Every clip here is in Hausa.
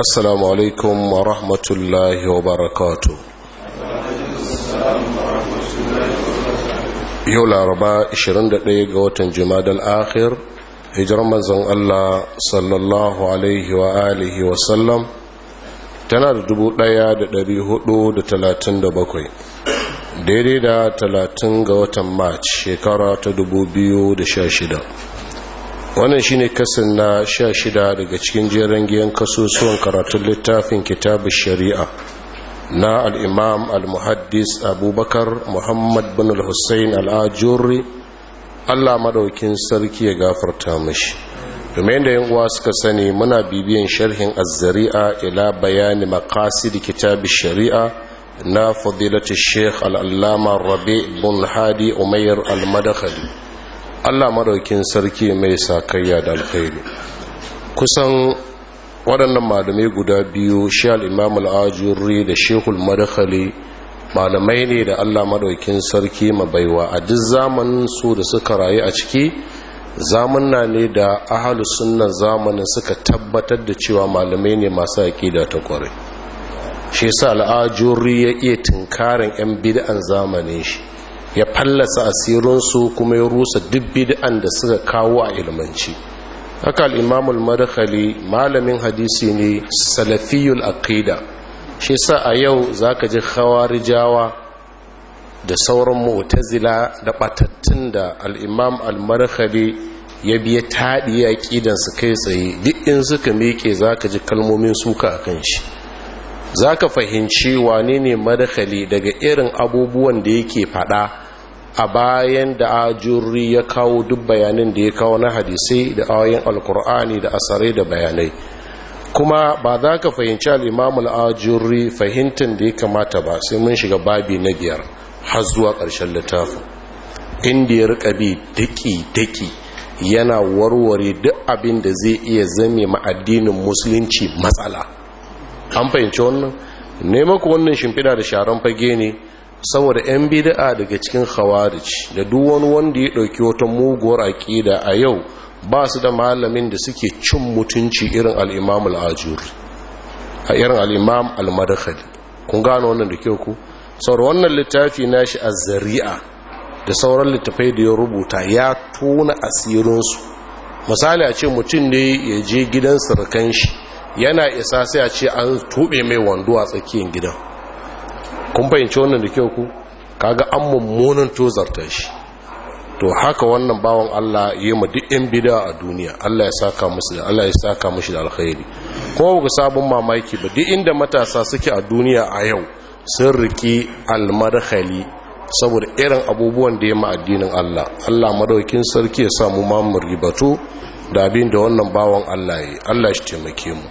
asalamualeykum wa rahmatullahiywa wa barakwatu. yau laraba ishirin da ga watan jima'a don akiyar hijirman zan allah sallallahu alaihi wa'aihi wa sallam tana da dubu ɗaya da ɗari huɗu da talatin da bakwai daidai da talatin ga watan ma'aj shekara ta dubu biyu da sha shida. wannan shine kasan na sha shida daga cikin jerin giyan kasusuwan karatun littafin kitabu shari'a na al'imam al-muhaddis abubakar muhammad bin al-hussein al'ajurri allah maɗaukin sarki ya gafarta mashi domin da yin uwa suka sani muna bibiyan sharhin azzari'a ila bayani makasid kitabu shari'a na fadilatu sheikh al'allama rabi bin hadi umayyar al-madakhali allah maraukin sarki mai sakayya da alkhairi kusan waɗannan malamai guda biyu shal imam al'ajurri da shehul madakhali malamai ne da allah maraukin sarki mabaiwa a duk zamanin su da suka rayu a ciki zamanna ne da ahalu sunnan zamanin suka tabbatar da cewa malamai ne masu aƙida ta kware shi sa al'ajurri ya iya tunkarin 'yan bid'an zamanin shi ya fallasa asirinsu kuma ya rusa duk bid'an da suka kawo a ilmanci haka al'imamul madakhali malamin hadisi ne salafiyul aqida shi sa a yau za ka ji khawarijawa da sauran mu'tazila da batattun da al'imam al-madakhali ya biya taɗi ya su kai tsaye duk in suka miƙe za ka ji kalmomin suka a kan shi za ka fahimci wane ne madakhali daga irin abubuwan da yake faɗa a bayan da ajurri ya kawo duk bayanin da ya kawo na hadisai da ayoyin alkur'ani da asare da bayanai kuma ba za ka fahimci al'imamul ajurri fahimtar da ya kamata ba sai mun shiga babi na biyar har zuwa ƙarshen littafin inda ya rika bi daki-daki yana warware duk abin da zai iya zame ma addinin musulunci matsala an fahimci wannan nema ku wannan shimfiɗa da sharan fage ne saboda 'yan bid'a daga cikin khawarij da duk wani wanda ya ɗauki wata muguwar aƙida a yau ba su da malamin da suke cin mutunci irin al-Ajuri a irin al-Imam al-madakhali kun gano wannan da kyau ku saboda wannan littafi nashi a zari'a da sauran littafai da ya rubuta ya tona asirinsu misali a ce mutum ne ya je gidan surukan shi yana isa sai a ce an tuɓe mai wando a tsakiyar gidan kun fahimci wannan da kyau ku kaga an mummunan tozarta shi to haka wannan bawan Allah yi ma duk yan bida a duniya Allah ya saka musu da Allah ya saka mushi da alkhairi ko ga sabon mamaki ba duk inda matasa suke a duniya a yau sun riki almarhali saboda irin abubuwan da ya ma addinin Allah Allah madaukin sarki ya sa mu ma bato da abin da wannan bawan Allah yi Allah shi taimake mu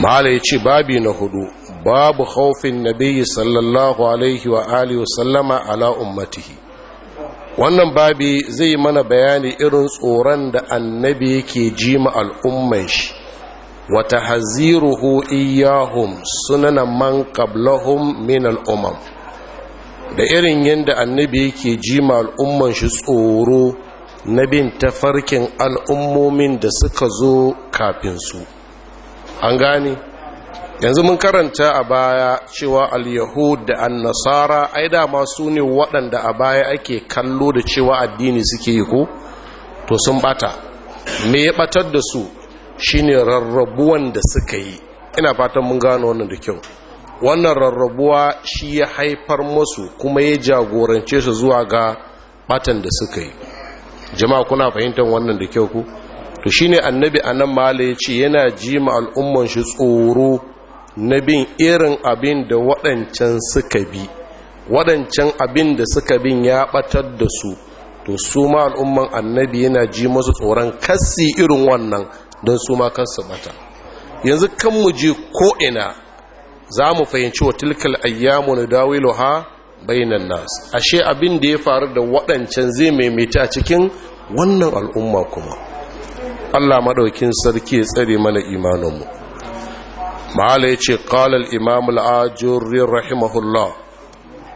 mala ya ce babi na hudu babu خوف النبي sallallahu alaihi wa وآله وسلم على أمته wannan babi zai mana bayani irin tsoron da annabi yake jima al'umman shi wata haziruhu iyahum sunana man qablahum min al'umam da irin yadda annabi yake jima al'umman shi tsoro na bin tafarkin al'ummomin da suka zo kafin su an gane yanzu mun karanta a baya cewa al-yahud da an-nasara ai ma su ne waɗanda a baya ake kallo da cewa addini suke yi ko to sun bata me ya batar da su shine rarrabuwan da suka yi ina fatan mun gano wannan da kyau wannan rarrabuwa shi ya haifar musu kuma ya jagorance su zuwa ga batan da suka yi jama'a kuna fahimtar wannan da kyau ku to shine annabi anan mala ya ce yana jima al'umman shi tsoro na bin irin abin da waɗancan suka bi waɗancan abin da suka bin ya ɓatar da su to su ma al'umman annabi yana ji masu tsoron kassi irin wannan don su ma bata yanzu kan mu je ko'ina za mu fahimci wa tilkal ayyamu na dawilu ha bainan nas ashe abin da ya faru da waɗancan zai maimaita a cikin wannan al'umma kuma allah maɗaukin sarki ya tsare mana imaninmu mahala ya ce ƙalal imamul ajurri rahimahullah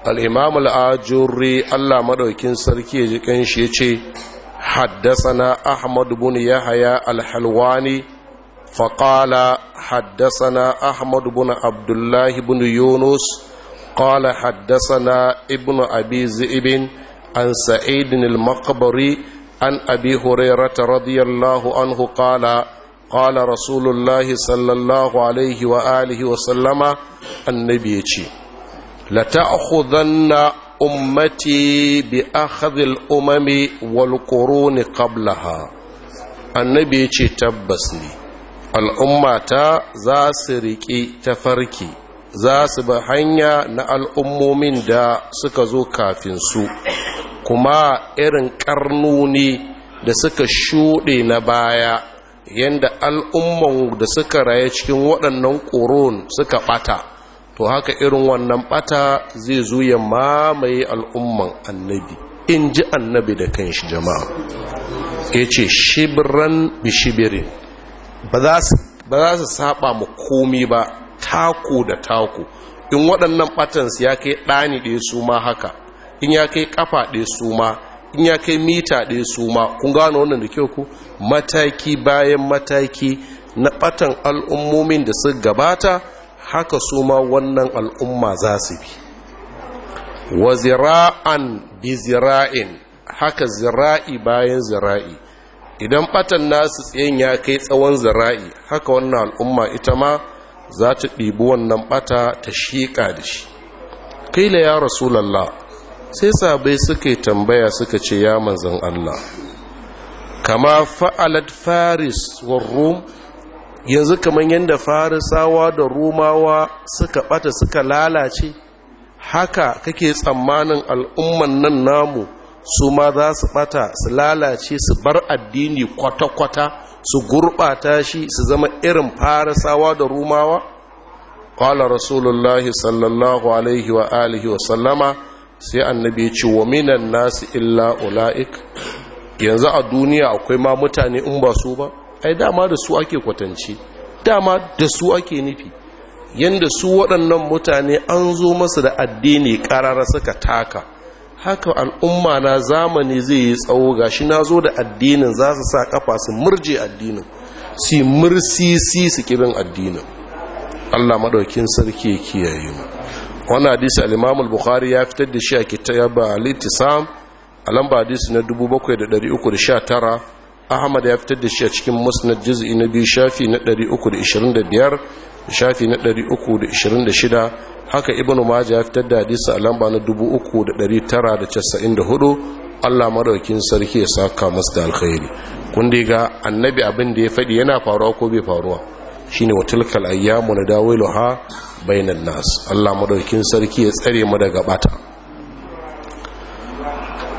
al'imamul ajurri allah maɗaukin sarki ya ji ƙanshi ya ce haddasana ahmad bin yahaya alhalwani faƙala haddasana ahmad bin abdullahi bin yunus قال حدثنا ibn abi zibin عن سعيد المقبري عن أبي هريرة رضي الله anhu قال قال رسول الله صلى الله عليه وآله وسلم النبي يجي لتأخذن أمتي بأخذ الأمم والقرون قبلها النبي يجي تبسني الأمة زاسركي تفركي za su bi hanya na al'ummomin da suka zo kafin su kuma irin ƙarnuni da suka shuɗe na baya yadda al'umman da suka raye cikin waɗannan ƙoron suka ɓata to haka irin wannan ɓata zai zo ya mamaye al'umman annabi in ji annabi da kanshi jama'a ya ce shibiran bishibirin ba za su saba mu komi ba taku da taku in waɗannan ɓatansu ya kai ɗani ɗaya su ma haka in ya kai ƙafa ɗaya su ma in ya kai mita ɗaya su ma kun gano wannan da kyau ku mataki bayan mataki na ɓatan al'ummomin da su gabata haka su ma wannan al'umma za su bi wa zira'an bi zira'in haka zira'i bayan zira'i idan ɓatan nasu tsayin ya kai tsawon zira'i haka wannan al'umma ita ma za ta ɗibi wannan ɓata ta shiƙa da shi kai la ya rasulallah sai sabai suka tambaya suka ce ya manzan Allah kama fa'alat faris wa rum yanzu kamar yadda farisawa da rumawa suka bata suka lalace haka kake tsammanin al'umman nan namu su ma za su bata su lalace su bar addini kwata-kwata su gurɓata shi su zama irin farisawa da rumawa? ƙwala rasulullahi sallallahu alaihi wa alihi wa sallama sai annabi ya ce wa minan nasu illa ula'ik yanzu a duniya akwai ma mutane in ba su ba ai dama da su ake kwatance dama da su ake nufi yanda su waɗannan mutane an zo masu da addini ƙarara suka taka haka al'umma na zamani zai yi tsawo ga shi na zo da addinin za su sa kafa su murje addinin su mursisi su kibin addinin allah maɗaukin sarki ya kiyaye mu wannan hadisi al-imam al-bukhari ya fitar da shi a kitab al-ittisam a lamba hadisi na 7319 ahmad ya fitar da shi a cikin musnad juz'i na biyu shafi na 325 shafi na 326 haka ibnu majah ya fitar da hadisi a lamba na 3994 Allah madaukin sarki ya saka masa da alkhairi kun dai ga annabi abin da ya faɗi yana faruwa ko bai faruwa shine wa ayyamu ayyamu ha bainan nasu. Allah madaukin sarki ya tsare mu daga bata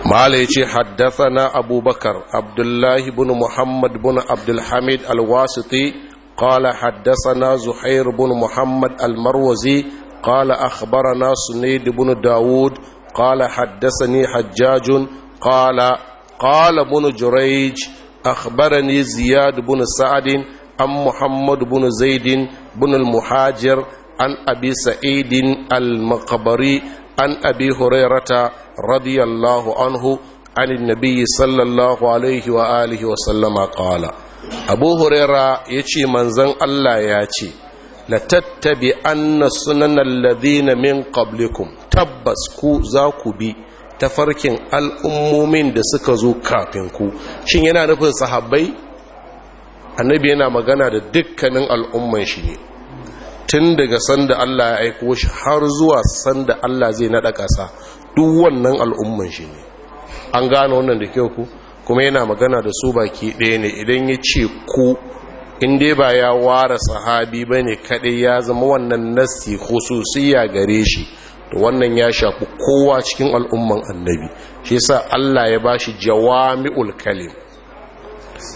mala yace haddathana abubakar abdullahi ibn muhammad ibn Abdulhamid al-wasiti qala haddasana zuhair ibn muhammad al-marwazi qala akhbarana sunayd ibn daud qala haddathani kala qala qala ibn jurayj akhbarani ziyad ibn Sa'adin, عن muhammad, بن زيد بن المهاجر an abi sa'idin al-makabari an abi hurairata radiyallahu anhu an nabi sallallahu alaihi wa alihi wa sallama qala abu huraira yace manzon Allah ya ce la tattabi anna sunan alladhina min tabbas ku za ku bi tafarkin al'ummomin da suka zo kafin ku shin yana nufin sahabai? annabi yana magana da dukkanin al'umman shi ne tun daga sanda Allah ya aiko shi har zuwa sanda Allah zai naɗa ƙasa duk wannan al'umman shi ne an gano wannan da kyau ku kuma yana magana da su baki ɗaya ne idan ya ce ku in dai ba ya ware sahabi ba ne kaɗai ya zama wannan nassi khususiyya gare shi Da wannan ya shafi kowa cikin al'umman annabi shi sa Allah ya ba bashi jawami'ul kalim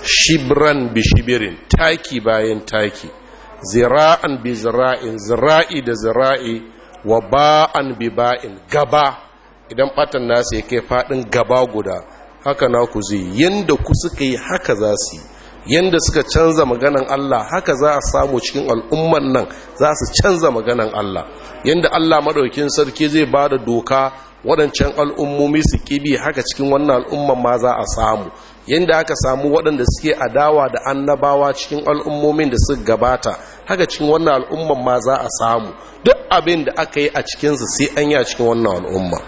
shibran bishibirin taki bayan taki zira'an bi zira'in zira'i da zira'i wa ba'an bi ba'in gaba idan fatan nasu ya kai fadin gaba guda haka na ku zai yanda ku suka yi haka za su yanda suka canza maganan Allah haka za a samu cikin al'umman nan za su canza maganan Allah yanda Allah madaukin sarki zai bada doka waɗancan al'ummomi su kibi haka cikin wannan al'umman ma za a samu yadda aka samu waɗanda suke adawa da annabawa cikin al'ummomin da suka gabata haka cikin wannan al'umman ma za a samu duk abin da aka yi a cikinsu sai an yi a cikin wannan al'umma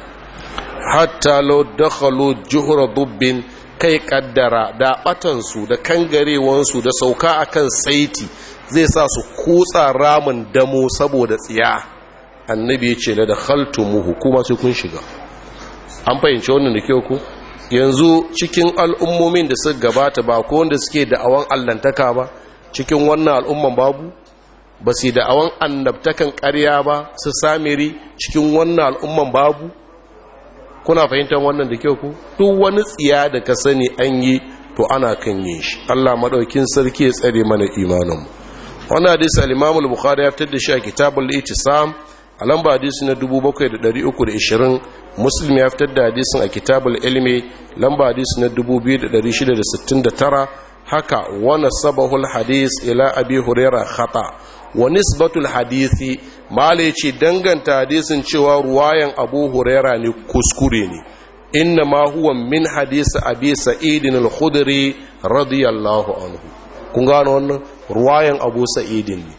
hatta lau dakhalu dubbin kai kaddara da batansu da kangarewansu da sauka a kan saiti zai sa su kutsa ramin damo saboda tsiya annabi na da la dakhaltumuhu kuma sai kun shiga an fahimci wannan da kyau ku yanzu cikin al'ummomin da suka gabata ba ko wanda suke da'awan allantaka ba cikin wannan al'umman babu ba su da'awan annabtakan ƙarya ba su samiri cikin wannan al'umman babu kuna fahimtar wannan da kyau ku duk wani tsiya da ka sani an yi to ana kan yin shi Allah maɗaukin sarki ya tsare mana imaninmu Wani hadisi al-Imam ya fitar da shi a Kitabul itisam a lamba hadisi na 7320 muslim ya fitar da hadisin a kitabul ilmi lamba hadis na 2669 haka wani sabahul hadis ila abi huraira khata wa nisbatul hadisi malai ce danganta hadisin cewa ruwayan abu huraira ne kuskure ne inna ma huwa min hadisi abi sa'idin al-khudri radiyallahu anhu kun gano wannan ruwayan abu sa'idin ne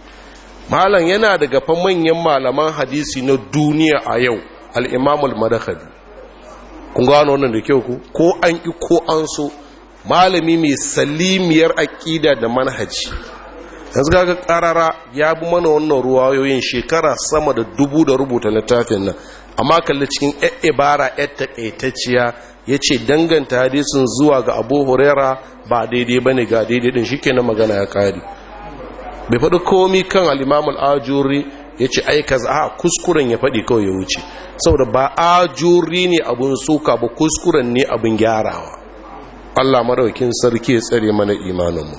malam yana daga fa manyan malaman hadisi na duniya a yau al'imamul madakali kun gano wannan da kyau ku ko an ƙi ko an so malami mai salimiyar aƙida da manhaji yanzu ga ƙarara ya bi mana wannan ruwayoyin shekara sama da dubu da rubuta littafin nan amma kalli cikin ibara ya taƙaitacciya ya ce danganta hadisin zuwa ga abu huraira ba daidai ba ne ga daidai din shi na magana ya ƙari bai faɗi komi kan al'imamul ajuri ya ce ai kaza a kuskuren ya faɗi kawai ya wuce saboda ba juri ne abun suka ba kuskuren ne abin gyarawa Allah maraukin sarki ya tsare mana imaninmu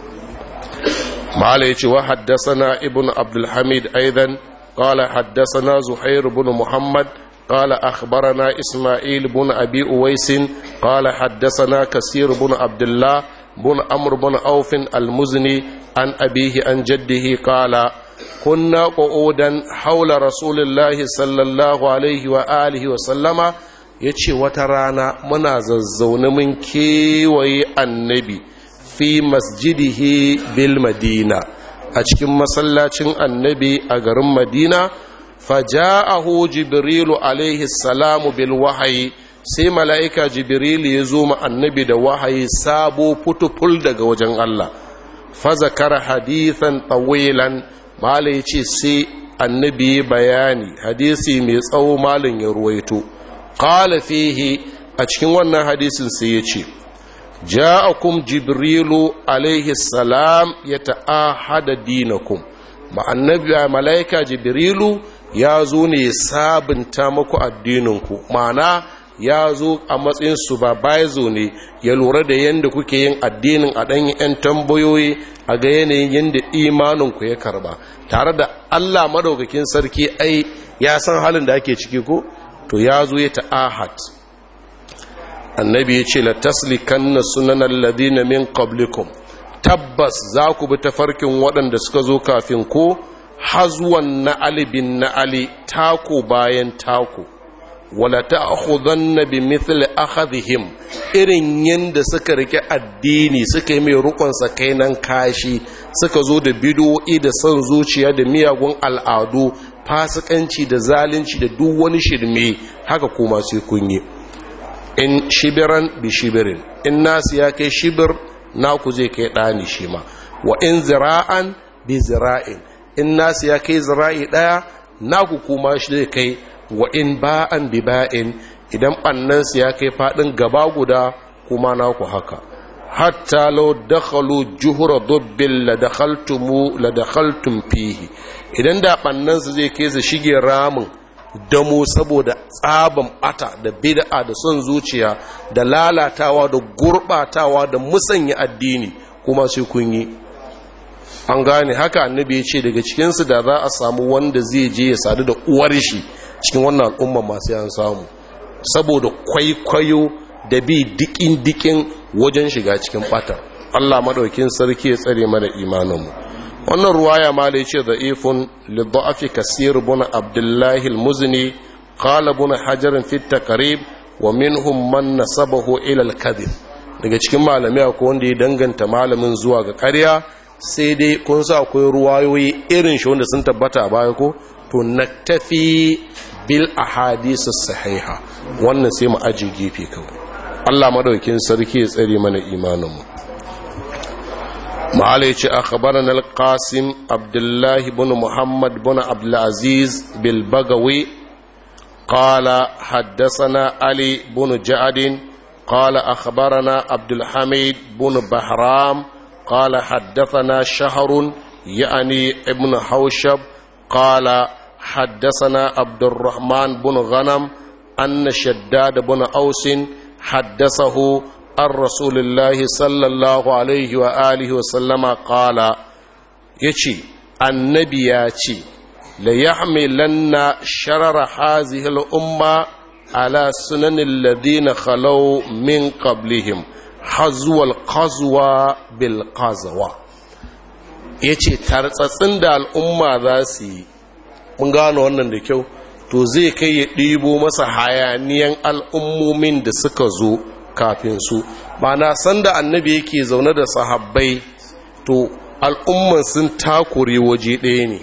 mala ya ce wa haddasana ibn abdulhamid aidan kala haddasana zuhair ibn muhammad kala أخبرنا Isma'il بن abi uwaisin kala haddasana كثير بن Abdullah, الله بن عمرو بن أوف an عن an عن kala. kunna qu'udan haula rasulullahi sallallahu alaihi wa wa sallama yace wata rana muna zazzaune mun kewaye annabi fi masjidihi bil madina a cikin masallacin annabi a garin madina faja'ahu jibrilu alaihi salamu bil wahayi sai mala'ika jibrilu ya zo ma annabi da wahayi sabo fituful daga wajen Allah fazakar hadisan tawilan mala ya ce sai annabi bayani hadisi mai tsawo malin ya ruwaito kala fihi a cikin wannan hadisin sai ya ce ja'akum jibrilu alaihi salam ya ta'ahada dinakum ma annabi malaika jibrilu ya zo ne sabunta muku addininku ma'ana ya zo a matsayin su supervisor ne ya lura da yadda kuke yin addinin a ɗan yan tambayoyi a ga yanayin yadda imaninku ya karba tare da allah maɗaukakin sarki ai ya san halin da ake ciki ko to ya zo ya ta'ahat annabi ya ce la taslikanna sunanan ladina min qablikum tabbas za ku bi tafarkin waɗanda suka zo kafin ko hazuwan na alibin na ali tako bayan tako wala ta'khudanna bimithli akhadhihim irin yanda suka rike addini suka yi mai rukun sakainan kashi suka zo da bid'o'i da son zuciya da miyagun al'adu fasikanci da zalunci da duk wani shirme haka kuma sai kun yi in shibiran bi shibirin in nasu ya kai shibir naku zai kai ɗani shi ma wa in zira'an bi zira'in in nasu ya kai zira'i ɗaya naku kuma shi zai kai wa in ba'an bi ba'in idan su ya kai faɗin gaba guda kuma na ku haka hatta lo dakhalu juhra dubbin la dakhaltum la dakhaltum fihi idan da ɓannansu zai kai su shige ramin damo saboda tsaban ɓata da bid'a da son zuciya da lalatawa da gurɓatawa da musanya addini kuma sai kun yi an gane haka annabi ya ce daga cikinsu da za a samu wanda zai je ya sadu da uwar shi cikin wannan al'umma masu yan samu saboda kwaikwayo da bi dikin-dikin wajen shiga cikin batar Allah maɗaukin sarki ya tsare mana imaninmu wannan ruwa ruwaya ce da ifin da'ifun kasir buna Abdullahi muzini kala buna ibn fitta karib wa minhum man nasabahu ila al-kadhib daga cikin malami akwai wanda ya danganta malamin zuwa ga ƙarya sai dai kun sa akwai ruwayoyi irin shi wanda sun tabbata a baya ko to naktafi bil ahadisi sahiha wannan sai mu ajiye gefe kawai Allah madaukin sarki ya tsare mana imaninmu malaiki akhbarana alqasim abdullahi ibn muhammad ibn abdul aziz bil bagawi qala haddasana ali ibn jaadin qala akhbarana abdul hamid ibn bahram qala haddasana shahrun ya'ni ibn haushab qala حدثنا عبد الرحمن بن غنم أن شداد بن أوس حدثه عن رسول الله صلى الله عليه وآله وسلم قال يشي النبي ياتي ليحملن شرر هذه الأمة على سنن الذين خلوا من قبلهم حزو القزوة بالقزوة yace tartsatsin da al'umma za su yi mun gano wannan da kyau to zai kai ya ɗibo masa hayaniyan al'ummomin da suka zo kafin su Bana sanda annabi yake zaune da sahabbai to al'umman sun takure waje ɗaya ne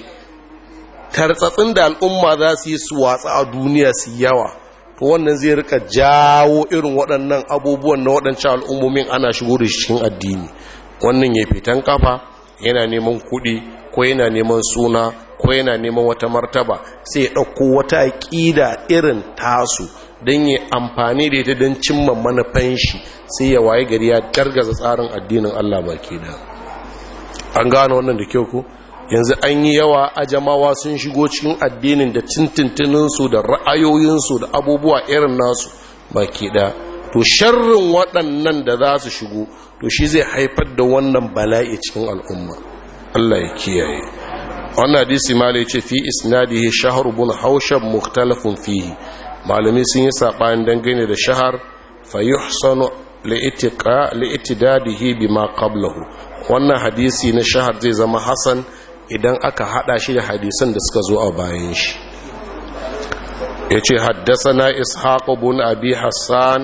tartsatsin da al'umma za su yi su watsa a duniya su yawa to wannan zai rika jawo irin waɗannan abubuwan na waɗancan al'ummomin ana shigo da cikin addini wannan ya fitan kafa yana neman kuɗi ko yana neman suna ko yana neman wata martaba sai ya ɗauko wata aƙida irin tasu don yi amfani da ita don cimma manufan shi sai ya waye gari ya gargaza tsarin addinin Allah ba ke da an gano wannan da kyau ku yanzu an yi yawa ajamawa sun shigo cikin addinin da tintintininsu da ra'ayoyinsu da abubuwa irin nasu ba ke da to sharrin waɗannan da za su shigo to shi zai haifar da wannan bala'i cikin al'umma Allah ya kiyaye wannan hadisi ma ce fi isnadihi shahar bun haushab mukhtalafun fihi malami sun yi saɓanin dangane da shahar fayuhsanu li'itidadihi bima qablahu wannan hadisi na shahar zai zama hasan idan aka hada shi da hadisan da suka zo a bayan shi yace haddathana ishaq bun abi hassan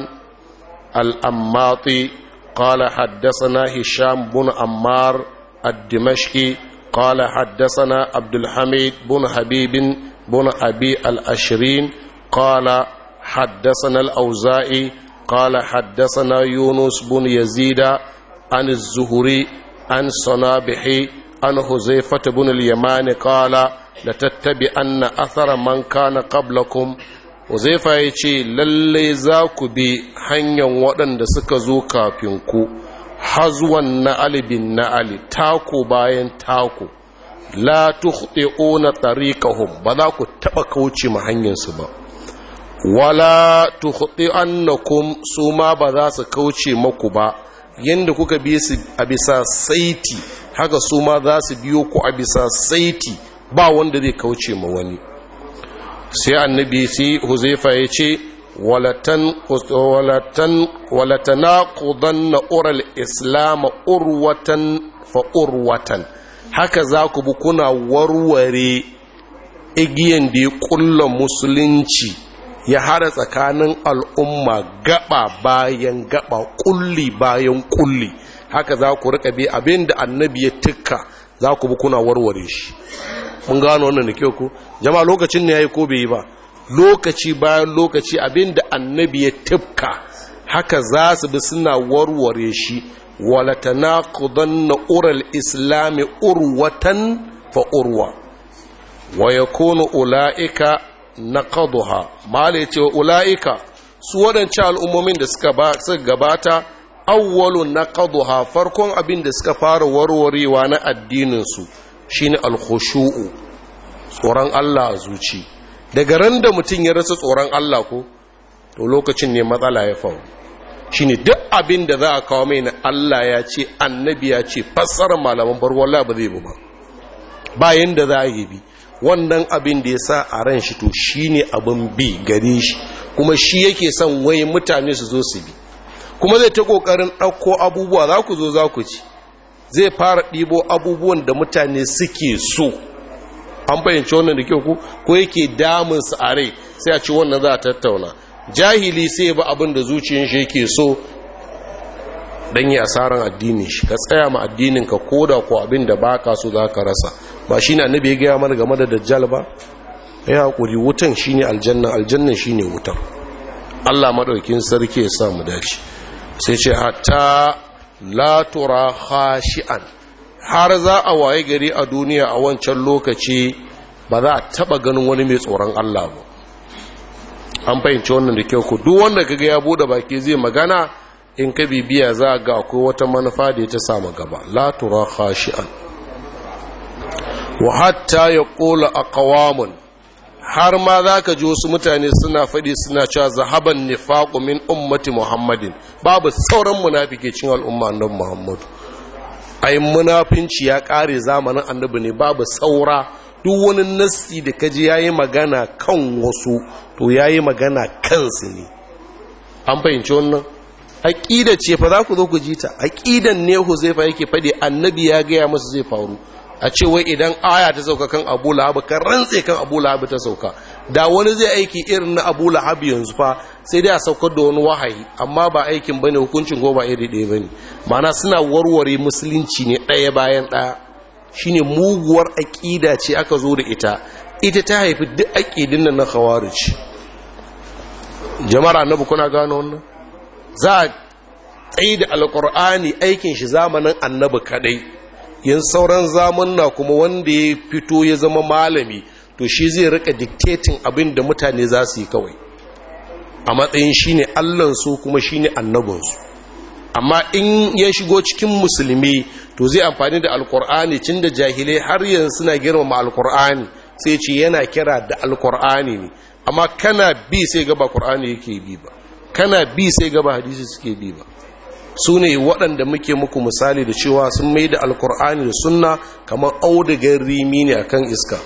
al-ammati qala haddathana hisham bun ammar ad-dimashqi قال حدثنا عبد الحميد بن حبيب بن أبي الأشرين قال حدثنا الأوزائي قال حدثنا يونس بن يزيد عن الزهري عن صنابحي عن حذيفة بن اليمان قال لتتبعن أثر من كان قبلكم حذيفة يجي للي زاكو بي حنيا ودن دسك زوكا فينكو hazuwan na'ali bin na'ali tako bayan tako la tukhti'una tariqahum ba za ku taɓa kauce ma hanyar su ba wala tukhti'annakum su ma ba za su kauce maku ba yanda kuka bi su a bisa saiti haka suma ma za su biyo ku a bisa saiti ba wanda zai kauce ma wani sai annabi sai huzaifa ya ce walatana kudan ural islama urwatan fa urwatan haka za ku bi kuna warware igiyan da ya kulla musulunci ya hada tsakanin al'umma gaba bayan gaba kulli bayan kulli haka za ku riƙa bi abin da annabi ya tukka za ku bi kuna warware shi mun gano wannan da kyau ku jama'a lokacin ne ya yi ko bai yi ba lokaci bayan lokaci abinda annabi ya tifka haka za su bi suna warware shi walatana na ural islami urwatan fa urwa wa ya kone ula'ika na kaduha mala ce wa ula'ika su waɗancan al'ummomin da suka gabata awwalu na kaduha farkon abin da suka fara warwarewa na addininsu shine alkhushu'u tsoron allah a zuci daga ran da mutum ya rasa tsoron Allah ko to lokacin ne matsala ya faru shine duk abin da za a kawo mai na Allah ya ce annabi ya ce fassara malaman bar wallahi ba zai bu ba bayan da za a yi bi wannan abin da ya sa a ran shi to shi ne abin bi gare shi kuma shi yake son wai mutane su zo su bi kuma zai ta kokarin ɗauko abubuwa za ku zo za ku ci zai fara ɗibo abubuwan da mutane suke so an fahimci wannan da kyau ko yake damun su a rai sai a ci wannan za a tattauna jahili sai ba abin da zuciyar shi yake so dan yi asaran addinin shi ka tsaya ma addinin ka koda ko abin da baka so za ka rasa ba shine annabi ya gaya mana game da dajjal ba ya hakuri wutan shine aljanna aljanna shine wutan. Allah maɗaukin sarki ya sa mu dace sai ce hatta la tura khashi'an har za a waye gari a duniya a wancan lokaci ba za a taba ganin wani mai tsoron Allah ba an fahimci wannan da kyau ku duk wanda kaga ya bude baki zai magana in ka bibiya za ga akwai wata manufa da ta samu gaba la tura khashi'an wa hatta yaqulu aqwamun har ma za ka ji wasu mutane suna fadi suna cewa zahaban nifaqu min ummati muhammadin babu sauran munafike cikin al'umma annabi muhammadu ai munafinci ya ƙare zamanin annabi ne babu saura duk wani nassi da kaji ya yi magana kan wasu to ya yi magana kansu ne an fahimci wannan aƙida ce fa za ku zo ku ji ta aƙidan ne ku zai fa yake faɗi annabi ya gaya musu zai faru a ce wai idan aya ta sauka kan abu lahabu kan rantse kan abu lahabu ta sauka da wani zai aiki irin na abu lahabu yanzu fa sai dai a saukar da wani wahayi amma ba aikin ba ne hukuncin goma iri ɗaya ba ne. ma'ana suna warware musulunci ne ɗaya bayan ɗaya shine muguwar aƙida ce aka zo da ita ita ta haifi duk aƙidin nan na khawarij jama'a annabi kuna gano wannan za a tsaye da alƙur'ani aikin shi zamanin annabi kaɗai yin sauran zaman na kuma wanda ya fito ya zama malami to shi zai rika diktetin abin da mutane za su yi kawai a matsayin shi ne allansu kuma shi ne annabinsu amma in ya shigo cikin musulmi to zai amfani da alkur'ani cin da jahilai har yanzu suna girmama alkur'ani sai ce yana kira da alkur'ani ne amma kana bi sai gaba kur'ani yake bi ba kana bi sai gaba hadisi suke bi ba su ne waɗanda muke muku misali da cewa sun mai da alkur'ani da sunna kamar audigar rimi ne akan iska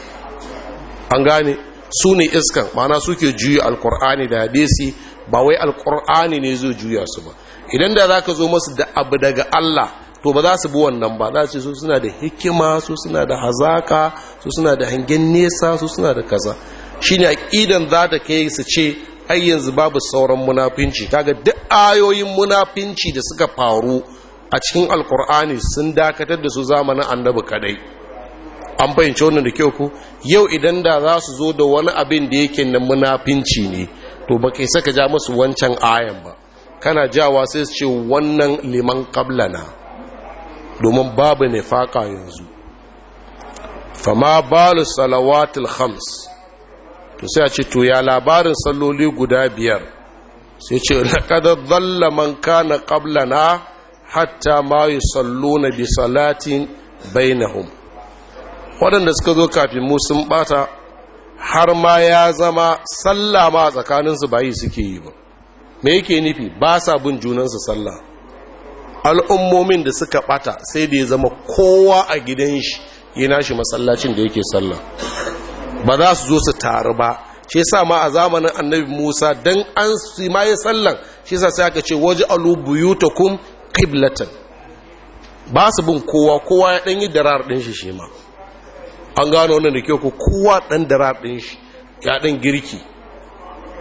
an gane su ne iskan mana suke juya alkur'ani da hadisi ba wai alkur'ani ne zai juya su ba idan da za ka zo masu da abu daga allah to ba za su bi wannan ba za su su suna da hikima su suna da hazaka su suna da hangen nesa su suna da kaza shine aqidan za ta kai su ce har yanzu babu sauran munafinci kaga duk ayoyin munafinci da suka faru a cikin alkur'ani sun dakatar da su zamanin annabi kadai an fahimci wannan da kyau ku yau idan da za su zo da wani abin da yake na munafinci ne to ba kai saka ja musu wancan ayan ba kana jawa sai su ce wannan liman na, domin babu nifaka yanzu fama balu salawatul khams to sai a ce to ya labarin salloli guda biyar sai ce laqad zalla man kana na hatta ma na bi salatin bainahum waɗanda suka zo kafin mu sun bata har ma ya zama sallah ma tsakaninsu bayi suke yi ba me yake nufi ba sa bin junansu sallah al'ummomin da suka ɓata sai da ya zama kowa a gidan shi yana shi masallacin da yake sallah ba za su zo su taru ba shi yasa ma a zamanin annabi Musa dan an su ma yi sallan shi yasa sai aka ce waje alu buyutakum qiblatan ba su bin kowa kowa ya dan yi darar din shi shi an gano wannan da ke ko kowa dan darar din shi ya dan girki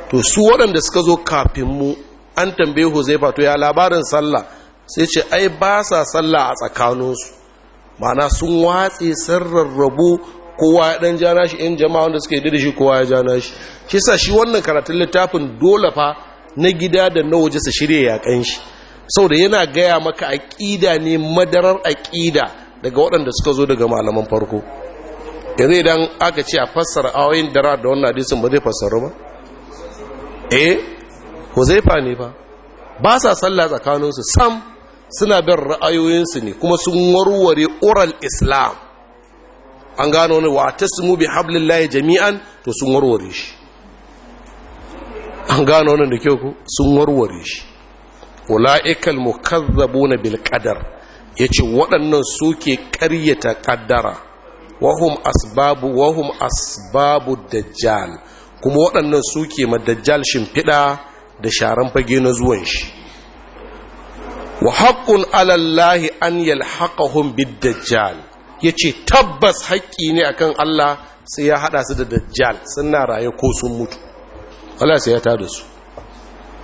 to su waɗanda suka zo kafin mu an tambaye Huzaifa to ya labarin sallah sai ce ai ba sa sallah a tsakaninsu ma'ana sun watse sun rarrabu kowa ya dan jana shi yan jama'a wanda suka yi da shi kowa ya jana shi sa shi wannan karatun littafin dole fa na gida da na waje su shirya yakan shi saboda yana gaya maka aƙida ne madarar aƙida daga waɗanda suka zo daga malaman farko yanzu idan aka ce a fassara ayoyin dara da wannan hadisin ba zai fassara ba eh fa ne ba ba sa sallah tsakaninsu sam suna bin ra'ayoyinsu ne kuma sun warware oral islam an gano ne wa mu bi hablillahi jami'an to sun warware shi an gano ne da kyau ku sun warware shi ulaikal mukazzabuna bil qadar yace waɗannan suke ƙaryata kaddara wahum asbabu wahum asbabu dajjal kuma waɗannan suke ma dajjal shimfiɗa da sharan fage na zuwan shi wa haƙƙun alallahi an yalhaqahum bid dajjal ya ce tabbas haƙƙi ne akan Allah sai ya haɗa su da dajjal suna raye ko sun mutu Allah sai ya da su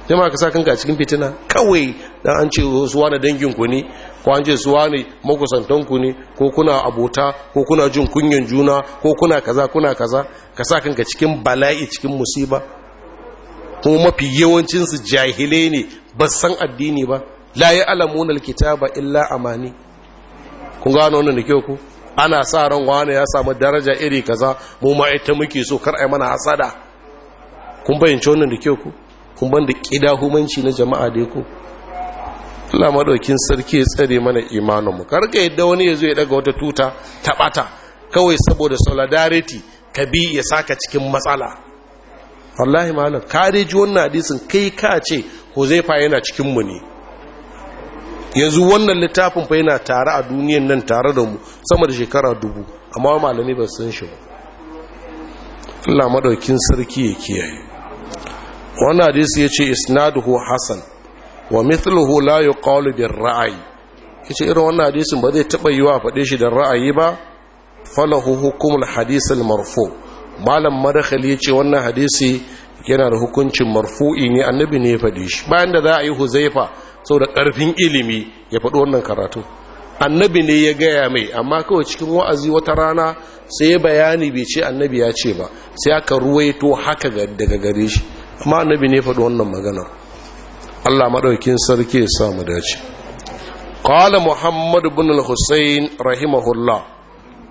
jama ka sa kanka cikin fitina kawai don an ce su wane dangin ku ne ko an ce su wane makusantan ne ko kuna abota ko kuna jin kunyan juna ko kuna kaza kuna kaza ka sa kanka cikin bala'i cikin musiba kuma mafi yawancinsu jahilai ne ba san addini ba la ya alamuna kitaba illa amani kun gano wani da ku ana sa ran wani ya samu daraja iri kaza mu ma ita muke so kar ai mana hasada kun bayyance wannan da ke ku kun banda kida humanci na jama'a da ku Allah madaukin sarki ya tsare mana imanin mu kar ka yadda wani ya zo ya daga wata tuta ta bata kawai saboda solidarity ka bi ya saka cikin matsala wallahi malam ka ji wannan hadisin kai ka ce ko zai fa yana cikin mu ne yanzu wannan littafin fa yana tare a duniyan nan tare da mu sama da shekara dubu amma malami ba san shi ba Allah madaukin sarki ya kiyaye wannan hadisi yace isnaduhu hasan wa mithluhu la yuqalu bil ra'ayi yace irin wannan hadisin ba zai taba yiwa faɗe shi da ra'ayi ba falahu hukumul hadis al marfu malam madakhali yace wannan hadisi yana da hukuncin marfu'i ne annabi ne ya faɗe shi bayan da za a yi huzaifa sau da ƙarfin ilimi ya faɗi wannan karatu annabi ne ya gaya mai amma kawai cikin wa'azi wata rana sai ya bayani bai ce annabi ya ce ba sai aka ruwaito haka daga gare shi amma annabi ne faɗi wannan magana. allah maɗaukin sarki ya samu dace ƙwala muhammad bin al-husayn rahimahullah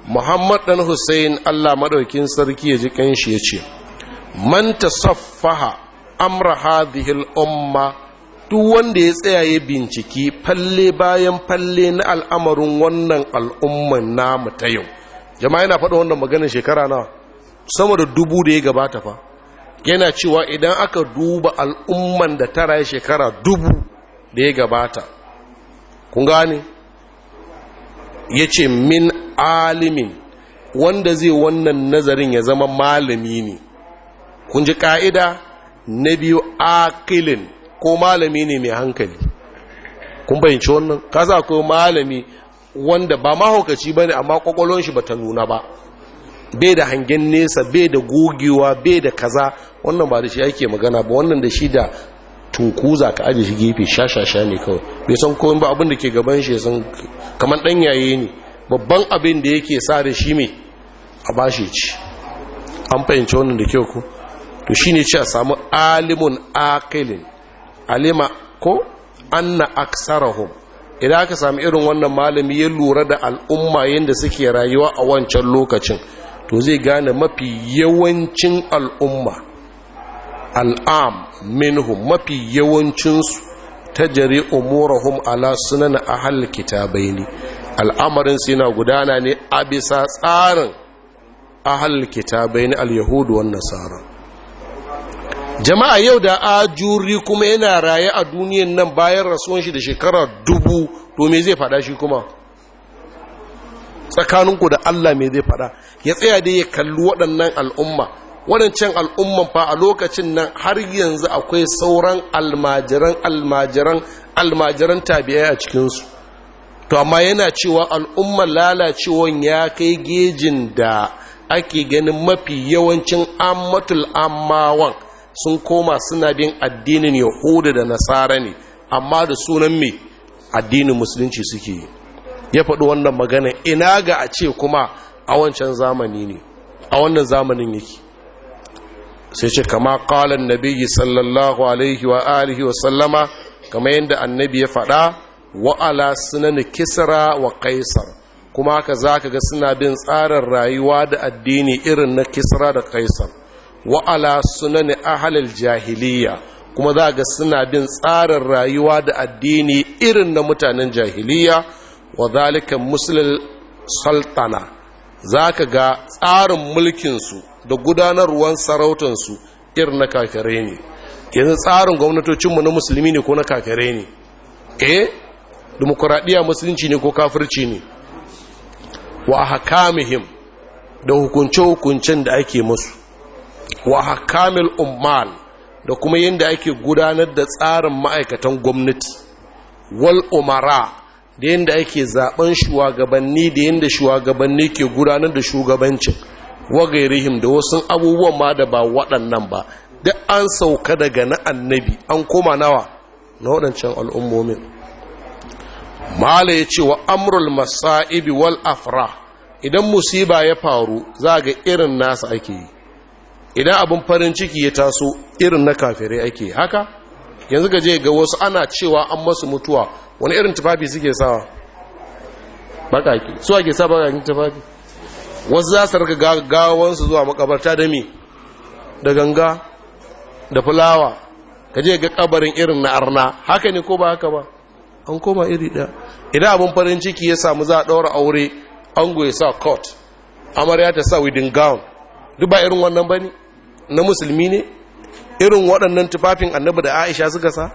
muhammad dan hussain allah maɗaukin sarki ya ji kanshi ya ce man saffaha amra hadhihi al-umma duk wanda ya tsaya ya binciki falle bayan falle na al'amarin wannan al'umman namu ta yau jama'a yana faɗa wannan maganin shekara na sama da dubu da ya gabata fa yana cewa idan aka duba al'umman da tara ya shekara dubu da ya gabata kun gane ya ce min alimin wanda zai wannan nazarin ya zama malami ne kun ji ka'ida na biyu akilin ko malami ne mai hankali kun bayanci wannan kasa ko malami wanda ba mahaukaci ba ne amma kwakwalon shi ba ta nuna ba bai da hangen nesa bai da gogewa bai da kaza wannan ba da shi ake magana ba wannan da shi da tunkuza ka ajiye shi gefe shashasha ne kawai bai san koyon ba abin da ke gaban shi san kamar dan yaye ne babban abin da yake sa da shi mai a bashi ci an fahimci wannan da kyau ku to shi ne ci a samu alimun akilin alima ko anna aksarahum idan aka sami irin wannan malami ya lura da al'umma yadda suke rayuwa a wancan lokacin to zai gane mafi yawancin al'umma al'am minhum mafi yawancinsu ta jari umurahum ala sunan ahal kitabai ne al'amarin su yana gudana ne a bisa tsarin ahal kitabai ne al-yahudu wannan nasara jama'a yau da ajuri kuma yana raye a duniyan nan bayan rasuwan shi da shekara dubu to me zai fada shi kuma tsakaninku da Allah me zai fada ya tsaya dai ya kalli waɗannan al'umma waɗancan al'umman fa a lokacin nan har yanzu akwai sauran almajiran almajiran almajiran tabi'ai a cikinsu to amma yana cewa al'umman lalacewan ya kai gejin da ake ganin mafi yawancin ammatul ammawan sun koma suna bin addinin yahuda da nasara ne amma da sunan mai addinin musulunci suke yi. ya faɗi wannan magana ina ga a ce kuma a wancan zamani ne a wannan zamanin yake sai ce kama kalan nabi sallallahu alaihi wa alihi wa sallama kama yadda annabi ya faɗa wa'ala ala sunan kisra wa kaisar kuma haka ka ga suna bin tsarin rayuwa da addini irin na kisra da kaisar wa ala a halil jahiliya kuma za ga suna bin tsarin rayuwa da addini irin na mutanen jahiliya wa zalika musulun sultana za ka ga tsarin mulkinsu da gudanarwan sarautansu irin na kakare ne yanzu tsarin gwamnatocinmu na musulmi ne ko na kakare ne eh demokuraɗiyya musulunci ne ko kafirci ne wa hakamihim da hukunce-hukuncen da ake musu wa hakamil umman da kuma yadda ake gudanar da tsarin ma'aikatan gwamnati wal umara da yadda ake zaben shugabanni da yadda shugabanni ke gudanar da shugabancin wagairihim da wasu abubuwan ma da ba waɗannan ba duk an sauka daga na annabi an koma nawa na waɗancan al'ummomin mala ya ce wa amrul masa'ibi wal afra idan musiba ya faru za ga irin nasa ake yi idan abin farin ciki ya taso irin na kafirai ake haka yanzu gaje ga wasu ana cewa an masu mutuwa wani irin tufafi suke sawa bakaki su ake sa bakakin tufafi wasu za su rika gawansu zuwa makabarta da me da ganga da fulawa kaje ga kabarin irin na arna haka ne ko ba haka ba an koma iri ɗaya idan abin farin ciki ya samu za a ɗaura aure an goye sa court amarya ta sa wedding gown duk ba irin wannan ba ne na musulmi ne irin waɗannan tufafin annabi da aisha suka sa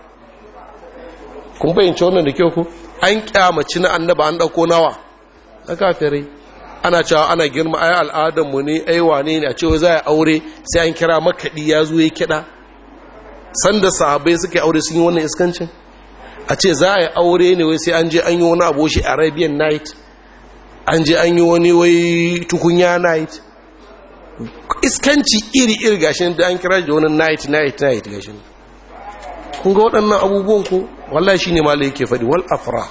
kun bayyance wannan da kyau ku an kyamaci na annaba an ɗauko nawa na kafirai ana cewa ana girma ai al'adarmu ne ai wane ne a cewa za a aure sai an kira makaɗi ya zo ya kiɗa sanda sahabai suka aure sun yi wannan iskancin a ce za a yi aure ne wai sai an je an yi wani abu shi arabian night an je an yi wani wai tukunya night iskanci iri iri gashin da an kira da wani night night night gashin kun ga waɗannan abubuwan ku? wallahi shine malai ke faɗi wal afra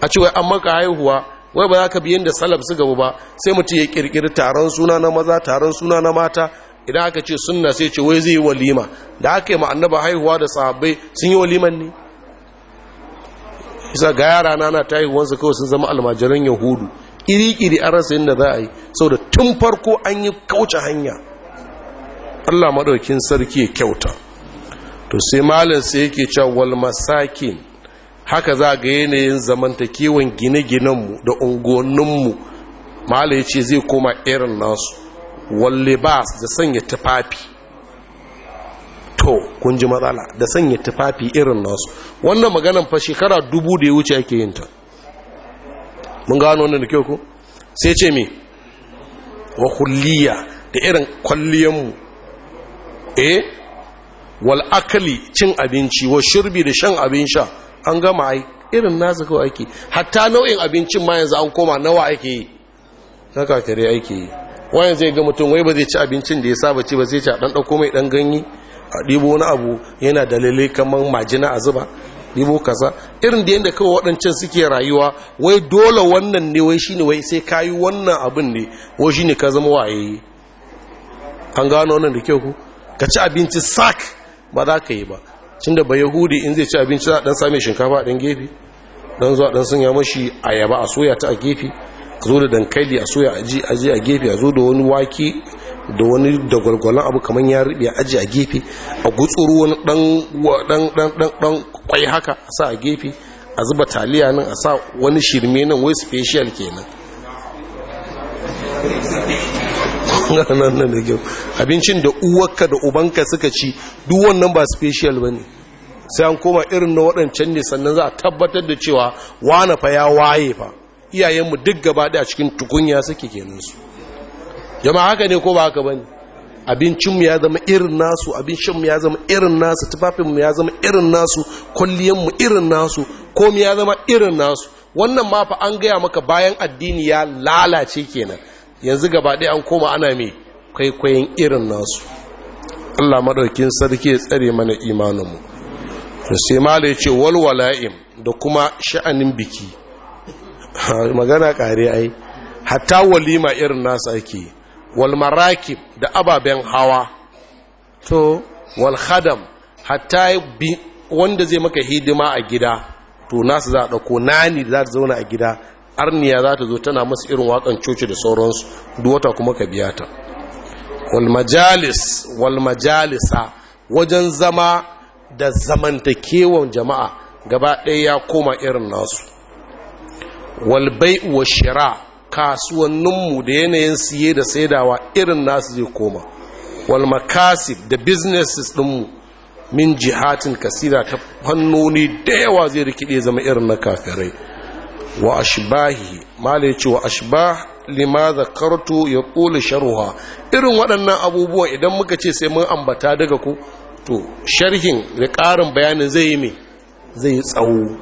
a cewa an maka haihuwa wai ba za ka biyan da salaf su gaba ba sai mutum ya kirkiri taron suna na maza taron suna na mata idan aka ce sunna sai ce wai zai yi walima da aka yi ma haihuwa da sahabbai sun yi waliman ne isa ga yara na na ta haihuwansu kawai sun zama almajiran yahudu iri-iri an rasa yadda za a yi sau da tun farko an yi kauce hanya allah maɗaukin sarki ya kyauta to sai malin sai yake cewa wal masakin haka za ga yanayin zamantakewan gine-ginenmu da unguwanninmu malin ya ce zai koma irin nasu walle ba da sanya tufafi to kun ji matsala da sanya tufafi irin nasu wannan maganan fa shekara dubu da ya wuce ake yin ta mun gano wannan da kyau ko sai ce me wa kulliya da irin kwalliyanmu eh wal akali cin abinci wa shirbi da shan abin sha an gama ai irin nasu kawai ake hatta nau'in abincin ma yanzu an koma nawa ake yi na kakare ake yi wayan zai ga mutum wai ba zai ci abincin da ya saba ci ba zai ci a dan dauko mai dan ganye a ɗibo wani abu yana dalilai kamar majina a zuba dibo kaza irin da yadda kawai waɗancan suke rayuwa wai dole wannan ne wai shine wai sai kayi wannan abin ne wai shine ka zama waye an gano wannan da kyau ku ka ci abinci sak ba za ka yi ba cin da ba in zai ci abinci za a ɗan same shinkafa a ɗan gefe ɗan zuwa ɗan sanya mashi ayaba a soya ta a gefe a zo da dankali a soya a ji a gefe a zo da wani wake da wani da gwalgwalon abu kamar ya rubi a aji a gefe a gutsuru wani dan kwai haka a sa a gefe a zuba taliya nan a sa wani shirme nan wai special kenan nan nan da gyau abincin da uwarka da ubanka suka ci duk wannan ba special ba ne sai an koma irin na waɗancan ne sannan za a tabbatar da cewa wane fa ya waye fa iyayenmu duk gaba ɗaya cikin tukunya suke kenan su jama'a haka ne ko ba haka bane abincinmu ya zama irin nasu abin shanmu ya zama irin nasu tufafinmu ya zama irin nasu kwalliyanmu irin nasu komi ya zama irin nasu wannan ma fa an gaya maka bayan addini ya lalace kenan yanzu gaba ɗaya an koma ana mai kwaikwayon irin nasu Allah maɗaukin sarki ya tsare mana imaninmu to sai mala ya ce walwala'im da kuma sha'anin biki magana ƙare ai hatta walima irin nasu ake yi wal da ababen hawa to wal hatta bi wanda zai maka hidima a gida to nasu za a ɗauko nani da za ta zauna a gida arniya za ta zo tana masu irin wakan coci da sauransu duwata kuma ka biya ta walmajalis walmajalisa wajen zama da zamantakewan jama'a gaba ɗaya ya koma irin nasu walbai wa shira kasuwanninmu da yanayin siye da saidawa irin nasu zai koma wal makasib da businesses ɗinmu min jihatin kasira ta fannoni da yawa zai rikide zama irin na kafirai wa ashbahi mala ya ce wa ashbah lima zakartu ya kula sharuha irin waɗannan abubuwa idan muka ce sai mun ambata daga ku to sharhin da ƙarin bayanin zai yi mai zai tsawo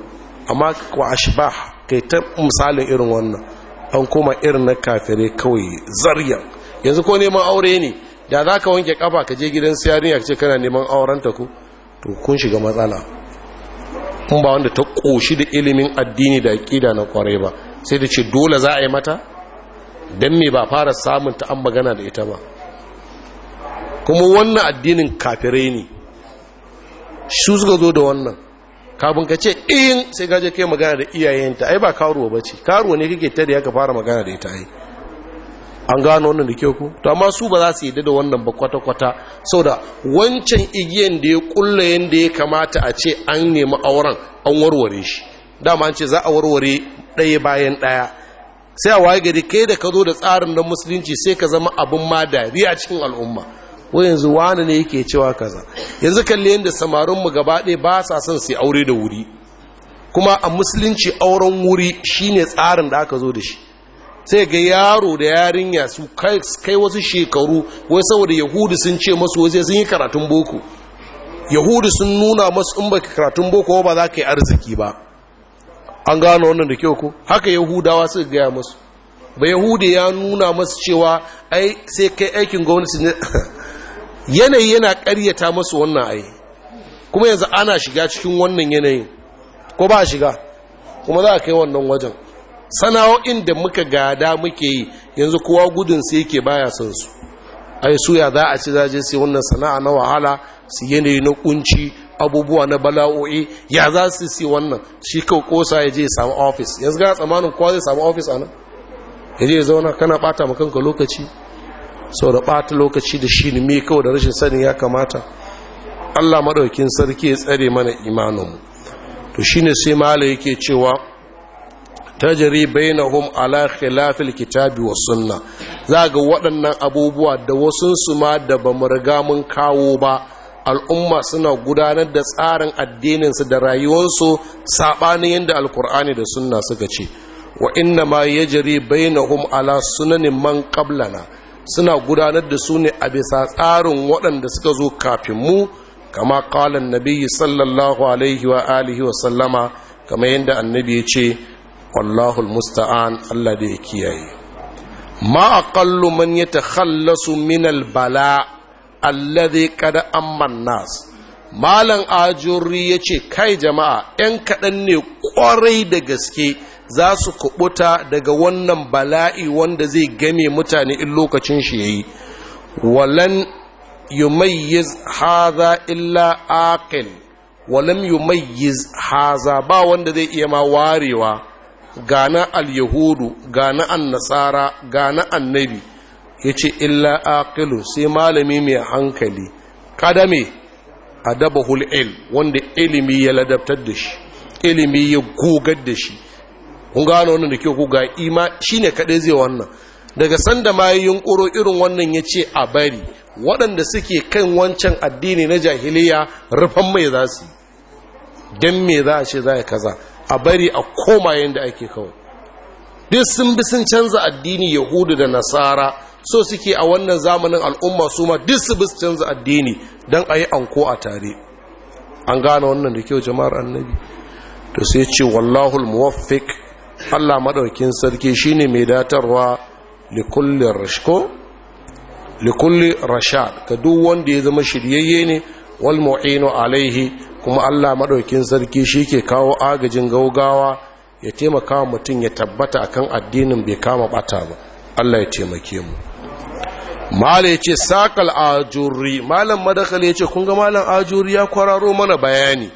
amma wa ashbah kai ta misalin irin wannan an koma irin na kafirai kawai zarya. yanzu ko neman aure ne da za ka wanke kafa ka je gidan siyariya ka ce kana neman aurenta ku to kun shiga matsala kun ba wanda ta ƙoshi da ilimin addini da aƙida na ƙware ba sai da ce dole za a yi mata don me ba fara samun ta an magana da ita ba kuma wannan addinin kafirai ne su suka zo da wannan kafin ka ce in sai gaje kai magana da iyayenta ai ba karuwa ba ce karuwa ne kake tare ya ka fara magana da ita ai an gano wannan da kyau ku to amma su ba za su yi da wannan ba kwata-kwata saboda wancan igiyan da ya kulla yanda ya kamata a ce an nemi auren an warware shi dama an ce za a warware ɗaya bayan ɗaya sai a waye gari kai da ka zo da tsarin na musulunci sai ka zama abin ma a cikin al'umma ko yanzu wani ne yake cewa kaza yanzu kalli yadda samarinmu gaba ɗaya ba sa son su aure da wuri kuma a musulunci auren wuri shine tsarin da aka zo da shi sai ga yaro da yarinya su kai wasu shekaru wai saboda yahudu sun ce masu wasu sun yi karatun boko yahudu sun nuna masu in baka karatun boko ba za ka yi arziki ba an gano wannan da kyau ko haka yahudawa suka gaya masu ba yahudu ya nuna masu cewa ai sai kai aikin gwamnati ne yanayi yana karyata masu wannan ayi kuma yanzu ana shiga cikin wannan yanayin ko ba shiga kuma za a kai wannan wajen sana'o'in da muka gada muke yi yanzu kowa gudun sai yake baya son su ai suya za a ci zaje sai wannan sana'a na wahala su yanayi na kunci abubuwa na bala'o'i ya za su si wannan shi kawai kosa ya je samu ofis yanzu ga tsamanin kowa zai samu ofis a nan ya je zauna kana bata ma kanka lokaci sau da ɓata lokaci da shi ne kawai da rashin sani ya kamata allah maɗaukin sarki ya tsare mana imaninmu to shi ne sai mala yake cewa ta tajiri bainahum ala khilafil kitabi wa sunna za ga waɗannan abubuwa da wasunsu ma da ba mu riga mun kawo ba al'umma suna gudanar da tsarin addininsu da rayuwarsu saɓanin yadda alkur'ani da sunna suka ce wa inna ma na bainahum ala sunanin man ƙablana. suna gudanar da su ne a bisa tsarin waɗanda suka zo kafin mu kama kalan nabiyyi sallallahu alaihi wa alihi wa sallama kama yadda annabi ya ce wallahul musta'an Allah da ya kiyaye ma aqallu man yatakhallasu min al bala alladhi qad amma nas malan ajuri yace kai jama'a yan kaɗan ne kwarai da gaske za su kubuta daga wannan bala'i wanda zai game mutane in lokacin shi ya yi. walan yumayyiz haza illa aqil walam yumayyiz haza ba wanda zai iya ma warewa gana al-yahudu gana an-nasara gana annabi yace illa aqilu sai malami mai hankali kadame adabahul il wanda ilimi ya ladabtar da shi ilimi ya gogar da shi kun gano wannan da kyau ko ga ima shine kadai zai wannan daga sanda ma yunkuro irin wannan ya ce a bari waɗanda suke kan wancan addini na jahiliya rufan mai za su don me za a ce za a kaza a bari a koma yadda ake kawai duk sun bi sun canza addini yahudu da nasara so suke a wannan zamanin al'umma su ma duk su bi su canza addini don a yi anko a tare an gane wannan da kyau jama'ar annabi to sai ce wallahul muwaffiq Allah maɗaukin sarki shine mai datarwa likulli rashko likulli rashad ka duk wanda ya zama shiryayye ne wal mu'inu alaihi kuma Allah maɗaukin sarki shi ke kawo agajin gaugawa ya taimaka mutum ya tabbata akan addinin bai kama ɓata ba Allah ya taimake mu malai ce sakal ajuri malam madakali ya ce kun ga malam ajuri ya kwararo mana bayani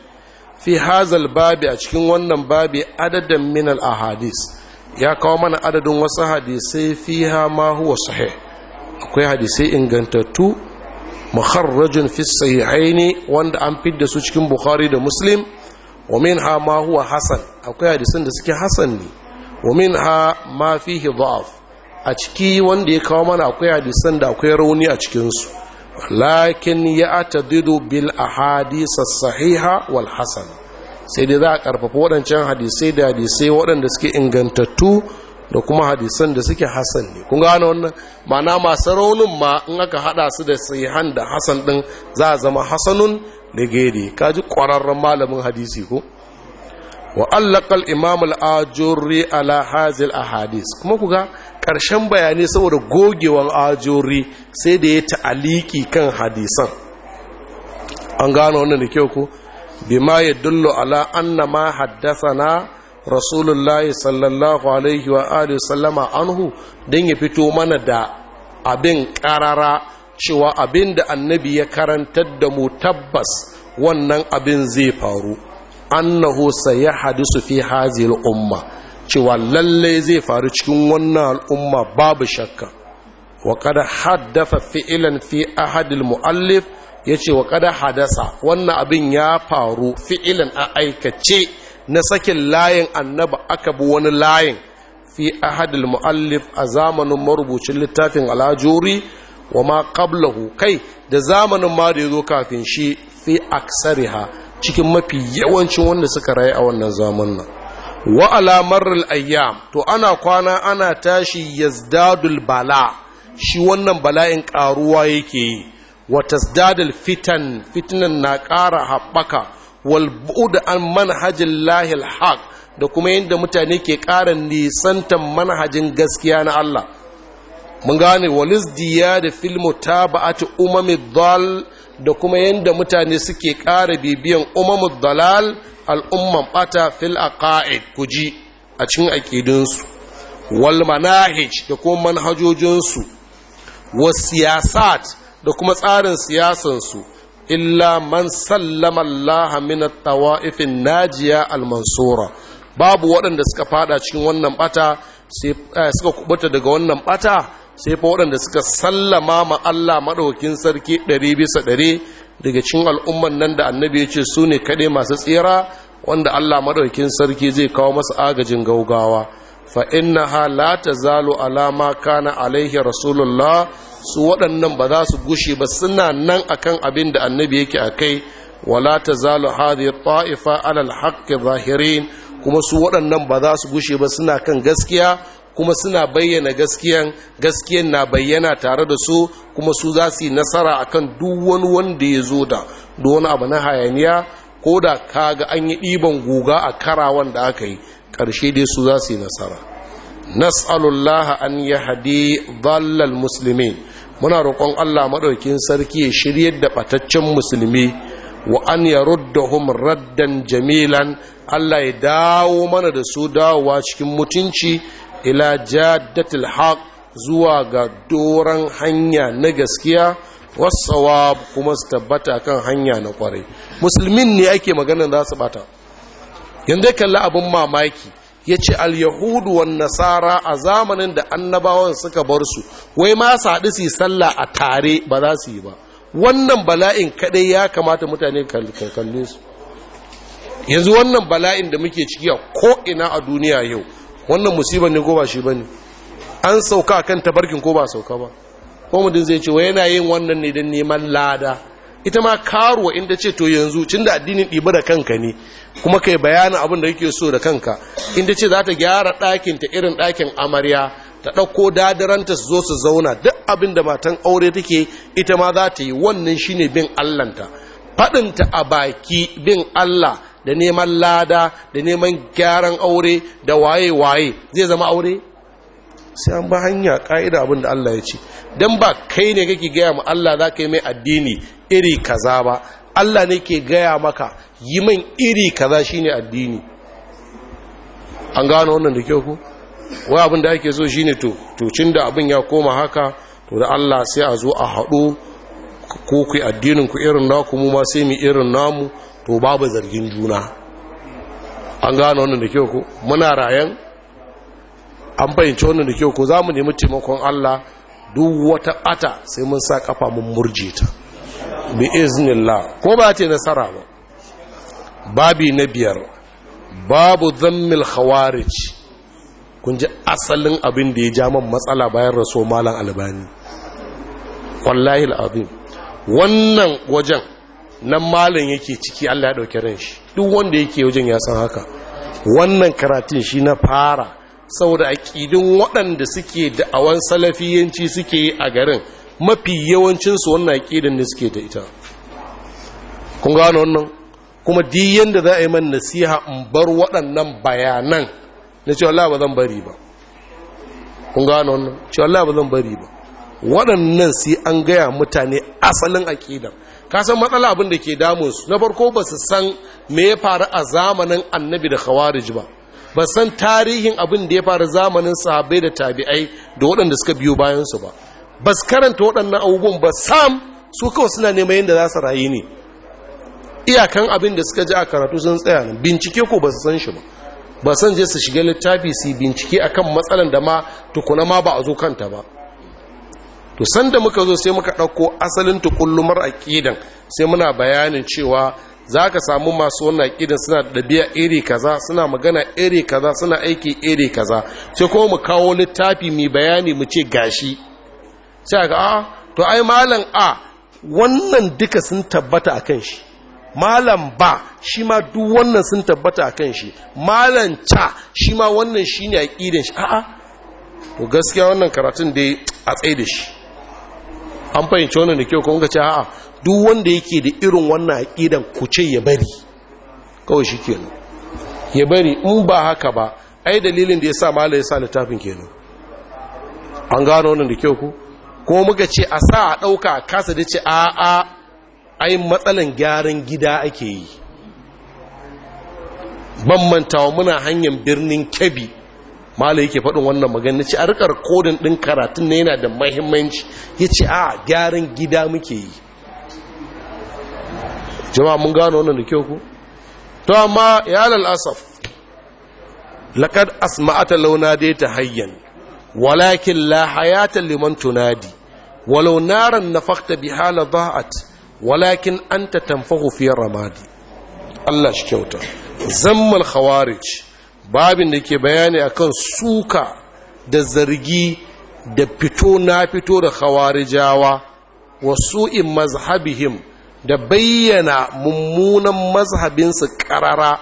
fi hazal babi a cikin wannan babi adadin minal ahadis ya kawo mana adadin wasu hadisai fi ma huwa sahih akwai hadisai ingantattu muharrajin fi sahihaini wanda an fidda su cikin bukhari da muslim wa ha ma huwa hasan akwai hadisan da suke hasan ne wa ha ma fihi dha'af a ciki wanda ya kawo mana akwai hadisan da akwai rauni a cikinsu. lakin ya atadidu bil ahadisa sahiha wal hasan sai dai za a karfafa waɗancan hadisai da hadisai waɗanda suke ingantattu da kuma hadisan da suke hasan ne kun gane wannan ma'ana masu raunin ma in aka hada su da sahihan da hasan din za a zama hasanun da gede ji ƙwararren malamin hadisi ko wa allaka al-imam al-ajurri ala hazil ahadis kuma kuga ƙarshen bayanai saboda gogewan ajori sai da ya ta'aliki kan hadisan an gano wannan da kyau ko bima ya dullo ala anna ma haddasa na rasulullahi sallallahu alaihi wa alihi sallama anhu don ya fito mana da abin ƙarara cewa abin da annabi ya karantar da mu tabbas wannan abin zai faru annahu sai ya hadisu fi umma cewa lalle zai faru cikin wannan al'umma babu shakka wa kada haddafa fi'ilan fi ahadil mu'allif yace wa kada hadasa wannan abin ya faru fi'ilan a aikace na sakin layin annaba aka bi wani layin fi ahadil mu'allif a zamanin marubucin littafin alajuri wa ma qablahu kai da zamanin ma da yazo kafin shi fi aksariha cikin mafi yawancin wanda suka rayu a wannan zamanin wa alamar ayyam to ana kwana ana tashi yazdadul bala shi wannan bala'in ƙaruwa yake yi wa tasdadul fitan fitinan na ƙara haɓaka wal an manhajin lahil haq da kuma yadda mutane ke ƙara nisantan manhajin gaskiya na Allah mun gane walis diya da filmu ta ba'ati umami dal da kuma yadda mutane suke ƙara bibiyan umamud dalal al'umman ɓata fil aqaid kuji a cikin aƙidinsu wal manahij da kuma manhajojinsu was siyasat da kuma tsarin siyasansu illa man sallama Allah min at-tawa'ifin najiya al-mansura babu waɗanda suka fada cikin wannan bata sai eh, suka kubuta daga wannan ɓata, sai fa waɗanda suka sallama ma Allah maɗaukin sarki ɗari daga cin al'umman nan da annabi ya ce su ne kaɗai masu tsira wanda allah maɗaukin sarki zai kawo masa agajin gaugawa fa ha la tazalu zalo alama kana alaihi rasulullah su waɗannan ba za su gushe ba suna nan akan abin da annabi yake a akai wala zalo hadhihi ta'ifa alal al zahirin kuma su waɗannan ba za su gushe ba suna kan gaskiya kuma suna bayyana gaskiyan gaskiyan na bayyana tare da su kuma su za su yi nasara akan duk wani wanda ya zo da wani abu na hayaniya ko da kaga an yi ɗiban guga a kara wanda aka yi ƙarshe dai su za su yi nasara nas'alullah an ya hadi dhallal muslimin muna roƙon Allah maɗaukin sarki ya shiryar da ɓataccen musulmi wa an ya raddan jamilan Allah ya dawo mana da su dawowa cikin mutunci ila jaddatil haq zuwa ga doron hanya na gaskiya wasawab kuma su tabbata kan hanya na kwarai musulmin ne ake maganin za su bata yanzu kalli abin mamaki ya ce alyahudu wa nasara a zamanin da annabawan suka bar su wai ma su haɗu su yi sallah a tare ba za su yi ba wannan bala'in kaɗai ya kamata mutane kalle su yanzu wannan bala'in da muke ciki a ko'ina a duniya yau wannan musibar ne ko ba shi bane an sauka kan tabarkin ko ba sauka ba ko mutum zai ce wa yana yin wannan ne don neman lada ita ma karuwa inda ce to yanzu cin da addinin ɗiba da kanka ne kuma kai bayanin abin da kake so da kanka inda ce za ta gyara ɗakin ta irin ɗakin amarya ta ɗauko dadaranta su zo su zauna duk abin da matan aure take ita ma za ta yi wannan shine bin allanta faɗinta a baki bin allah da neman lada da neman gyaran aure da waye-waye zai zama aure sai an ba hanya ka'ida abin Allah ya ce don ba kai ne kake gaya ma Allah za ka yi mai addini iri kaza ba Allah ne ke gaya maka yi min iri kaza shine addini an gano wannan da kyau ku wai abin da ake so shine to cin da abin ya koma haka to da Allah sai a zo a haɗu ko ku addinin ku irin naku mu ma sai mu irin namu to babu zargin juna an gano wannan da kyau ko muna rayan an bayyance wannan da kyau ko za mu nemi taimakon Allah duk wata ata sai mun sa kafa mun murje ta bi iznillah ko ba ta nasara ba babi na biyar babu zammil khawarij kun ji asalin abin da ya ja man matsala bayan rasul malam albani wallahi al'azim wannan wajen nan malin yake ciki Allah ya dauke ran shi duk wanda yake wajen ya san haka wannan karatun shi na fara saboda aƙidin waɗanda suke da awan salafiyanci suke yi a garin mafi yawancinsu wannan aƙidin ne suke da ita kun gano wannan kuma diyan da za a yi man nasiha in bar waɗannan bayanan na cewa Allah ba zan bari ba kun gano wannan cewa Allah ba zan bari ba waɗannan sai an gaya mutane asalin aƙidar ka san matsala abin da ke damunsu na farko ba su san me ya faru a zamanin annabi da khawarij ba ba san tarihin abin da ya faru zamanin sahabbai da tabi'ai da waɗanda suka biyo bayansu ba ba su karanta waɗannan abubuwan ba sam su kawai suna neman yadda za su rayu ne iyakan abin da suka ji a karatu sun tsaya nan bincike ko ba su san shi ba ba san je su shiga littafi su bincike akan matsalan da ma tukuna ma ba a zo kanta ba to sanda muka zo sai muka ɗauko asalin tukullumar aƙidan sai muna bayanin cewa za ka samu masu wannan aƙidan suna da ɗabi'a iri kaza suna magana iri kaza suna aiki iri kaza sai kuma mu kawo littafi mai bayani mu ce gashi sai ga a ah, to ai malam a ah, wannan duka sun tabbata a kan shi malam ba shi ma duk wannan sun tabbata a kan shi malam ca shi ma wannan shi ne aƙidan shi a'a to gaskiya wannan karatun dai a tsaye da shi an fahimci wannan da kyau kuma ga ce a'a duk wanda yake da irin wannan aqidan ku ce ya bari kawai shikenan ya bari in ba haka ba ai dalilin da yasa malai ya sa littafin kenan an gano wannan da kyau ku ko muka ce a sa a ɗauka a kasa da ce a'a ai matsalan gyaran gida ake yi ban mantawa muna hanyar birnin Kebbi mala yake faɗin wannan magana ce a rikar kodin ɗin karatun na yana da mahimmanci ya ce a gyaran gida muke yi jama'a mun gano wannan da kyau ku to amma ya lalasaf laƙad asma'ata launa dai ta hayyan walakin la hayata liman tunadi walau naran nafakta biha la ba'at walakin anta tanfahu fi ramadi Allah shi kyauta zammal khawarij babin da ke bayani akan suka da zargi da fito na fito da khawarijawa wasu in mazhabihim da bayyana mummunan mazhabinsu karara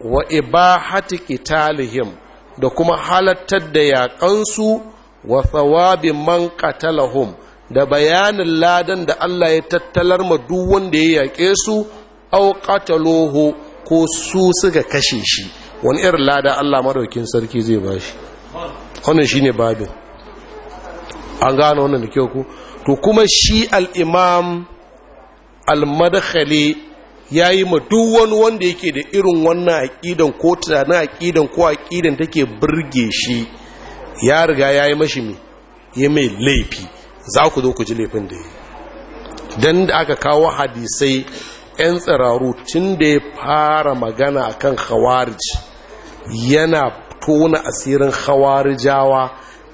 wa ibahati qitalihim da kuma halattar da yaƙansu wa thawabi man qatalahum da bayanin ladan da Allah ya tattalar ma duk wanda ya yaƙe su au ko su suka kashe shi wani irin lada Allah madaukin sarki zai ba shi wannan ne babin an gano wannan da kyau ku to kuma shi al madakhali al yi yayi ma duk wani wanda yake da irin wannan aƙidan ko tunanin aƙidan ko aƙidan take burge shi ya riga ya yayi mashi mai ya mai laifi za ku zo ku ji laifin da ya yi Don da aka kawo hadisai 'yan tsiraru tun da ya fara magana akan khawarij yana tona asirin khawarijawa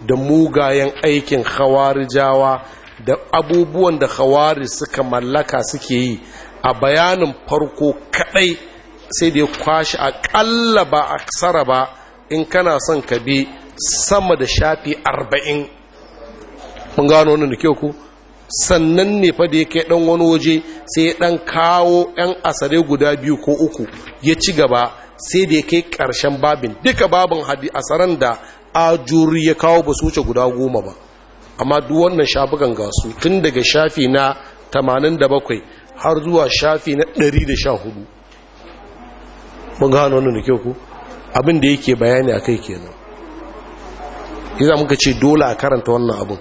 da mugayen aikin khawarijawa da abubuwan da khawari suka mallaka suke yi a bayanin farko kadai sai da ya kwashi akalla ba a ksara ba in kana son ka bi sama da shafi arba'in mun gano wannan da kyau ku sannan ne fa da ya kai ɗan wani waje sai ya ɗan kawo 'yan asare guda biyu ko uku ya ci gaba sai da ya kai ƙarshen babin duka babin asaran da ajuri ya kawo ba su wuce guda goma ba amma duk wannan shafukan gasu tun daga shafi na 87 har zuwa shafi na 114 mun gano wannan da kyau ku abin da yake bayani a kai kenan iza muka ce dole a karanta wannan abin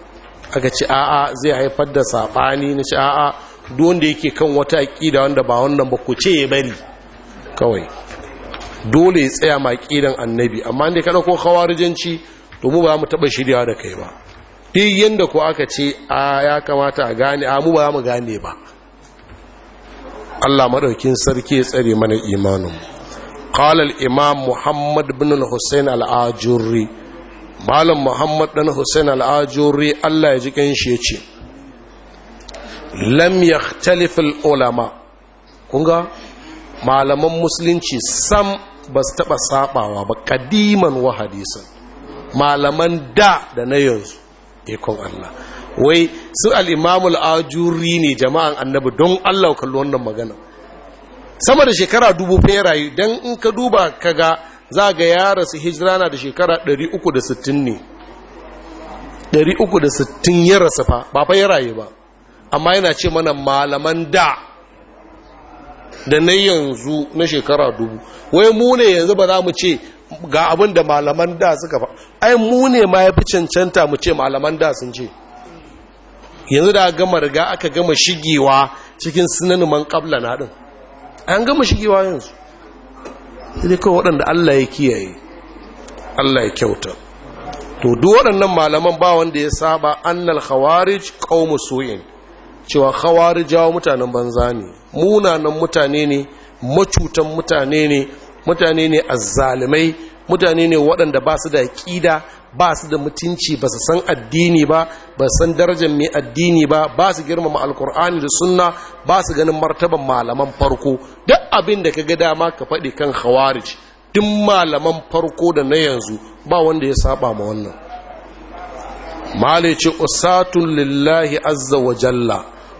aka ce a'a zai haifar da saɓani na ce a'a duwanda yake kan wata aƙida wanda ba wannan ba ku ce ya bari kawai dole ya tsaya ma ƙidan annabi amma inda kada ko khawarijanci to mu ba mu taɓa shirya da kai ba duk yadda ko aka ce a ya kamata a gane a mu ba mu gane ba Allah maɗaukin sarki ya tsare mana imanin qala al-imam Muhammad ibn al-Husayn al-Ajurri malam muhammad dan hussein al'ajuri allah ya ji kanshi ya ce lam yakhtalif ulama kunga malaman musulunci sam ba su taɓa saɓawa ba kadiman wa hadisan malaman da da na yanzu ikon Allah wai su al'imamul ajuri ne jama'an annabi don Allah kalli wannan magana sama da shekara dubu fera yi don in ka duba ka ga. za ga ya rasu hijira na da shekara 360 ne 360 ya rasu fa ba fa ya rayu ba amma yana ce mana malaman da da na yanzu na shekara dubu wai mu ne yanzu ba za mu ce ga abin da malaman da suka fa ai mu ne ma ya fi cancanta mu ce malaman da sun ce yanzu da gama riga aka gama shigewa cikin sinanuman kabla na din an gama shigewa yanzu sai kawai waɗanda Allah ya kiyaye Allah ya kyauta to duk waɗannan malaman ba wanda ya saba annal khawarij qaumu su'in cewa khawarijawa mutanen banza ne munanan mutane ne macutan mutane ne mutane ne azzalimai mutane ne waɗanda ba su da ƙida ba su da mutunci ba su san addini ba ba san darajar mai addini ba ba su girmama alkur'ani da sunna ba su ganin martaban malaman farko duk abin da ka ga dama ka faɗi kan khawarij duk malaman farko da na yanzu ba wanda ya saba ma wannan malice usatun lillahi azza wa jalla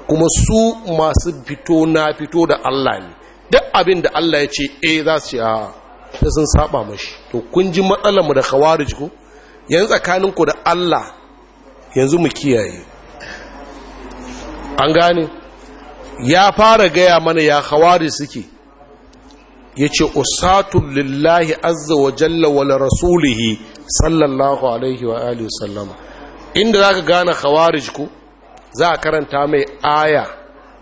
kuma su masu fito na fito da Allah ne duk abin da Allah ya ce eh za su ce a sun saba mashi to kun ji matsalar mu da khawarij ko yanzu tsakaninku da Allah yanzu mu kiyaye an gane ya fara gaya mana ya hawari suke ya ce usatun lillahi azza wa jalla wala rasulihi sallallahu alaihi wa alihi sallama inda za ka gane hawari ku za a karanta mai aya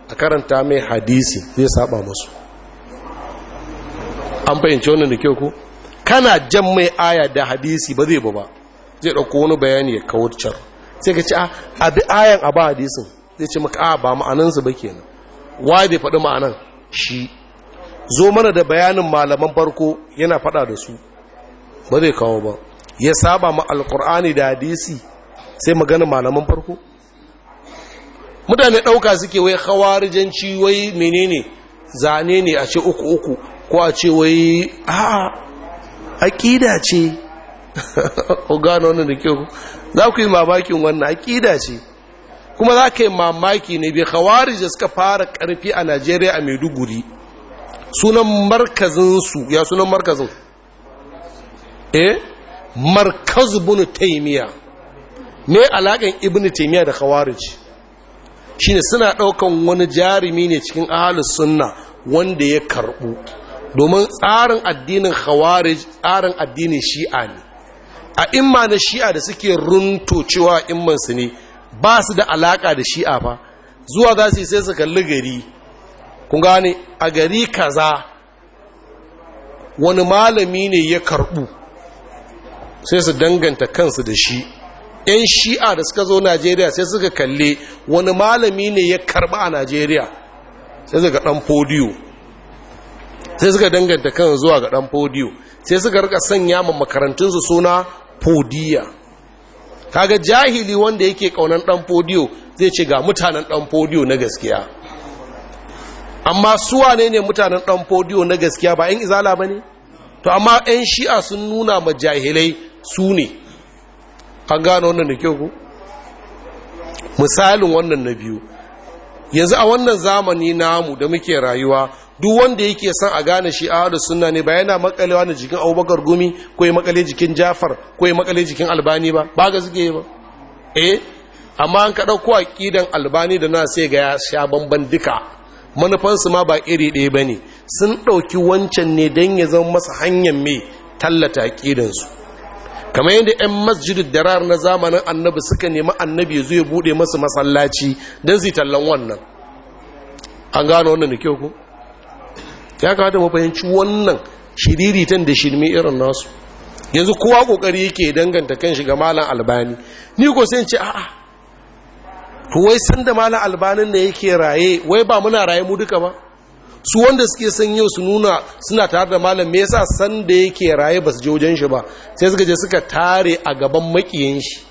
a karanta mai hadisi zai saba musu an fahimci wannan da kyau ku kana jan mai aya da hadisi ba zai ba ba zai ɗauko wani bayani ya kawo can sai ka ce ah, a abi ayan a ba hadisin zai ce maka a ah, ba ma'anansu ba nan. wa bai faɗi ma'anan shi zo mana da bayanin malaman farko yana faɗa da su ba zai kawo ba ya saba ma alkur'ani da hadisi sai magana malaman farko mutane ɗauka suke wai hawarijanci wai menene zane ne a ce uku uku ko a ce wai a'a aƙida ce ku gano wani da kyau za ku yi mamakin wannan aƙida ce kuma za ka yi mamaki ne bai khawarij da suka fara ƙarfi a najeriya a maiduguri sunan markazinsu ya sunan markazin eh markaz bin taimiya me alaƙan ibn taimiya da Shi ne suna ɗaukan wani jarumi ne cikin ahalus sunna wanda ya karɓu domin tsarin addinin khawarij tsarin addinin shi'a ne a imma na shi'a da suke runto cewa immansu ne ba su da alaka da shi'a fa. zuwa za su yi sai su kalli gari kun gane a gari kaza wani malami ne ya karbu sai su danganta kansu da shi yan shi'a da suka zo najeriya sai suka kalle wani malami ne ya karba a najeriya sai suka dan fodiyo sai suka danganta kan zuwa ga dan fodiyo sai suka rika sanya ma makarantunsu suna fodiya kaga jahili wanda yake kaunan dan podiyo zai ce ga mutanen dan podiyo na gaskiya amma suwa ne ne mutanen dan podiyo na gaskiya ba yan izala ba ne to amma yan shi'a sun nuna ma jahilai su ne kan gano wannan da kyau ku misalin wannan na biyu yanzu a wannan zamani namu da muke rayuwa duk wanda yake son a gane shi a hadu sunna ne ba yana makalewa ne jikin Abubakar Gumi ko ya makale jikin Jafar ko ya makale jikin Albani ba ba ga suke ba eh amma an ka dauko ƙidan Albani da na sai ga ya sha bamban duka manufansu ma ba iri ɗaya ba ne, sun ɗauki wancan ne don ya zama masa hanyar mai tallata ƙidansu. kamar yadda 'yan da darar na zamanin annabi suka nemi annabi ya zo ya bude masu masallaci don zai tallan wannan an gano wannan da kyau ko ya kamata mu fahimci wannan shiriritan da shirme irin nasu yanzu kowa kokari yake danganta kan shiga malam albani ni ko sai ce a'a to wai san da malan albanin da yake raye wai ba muna raye mu duka ba su wanda suke san yau su nuna suna tare da malam me yasa san da yake raye ba su je wajen shi ba sai suka je suka tare a gaban makiyin shi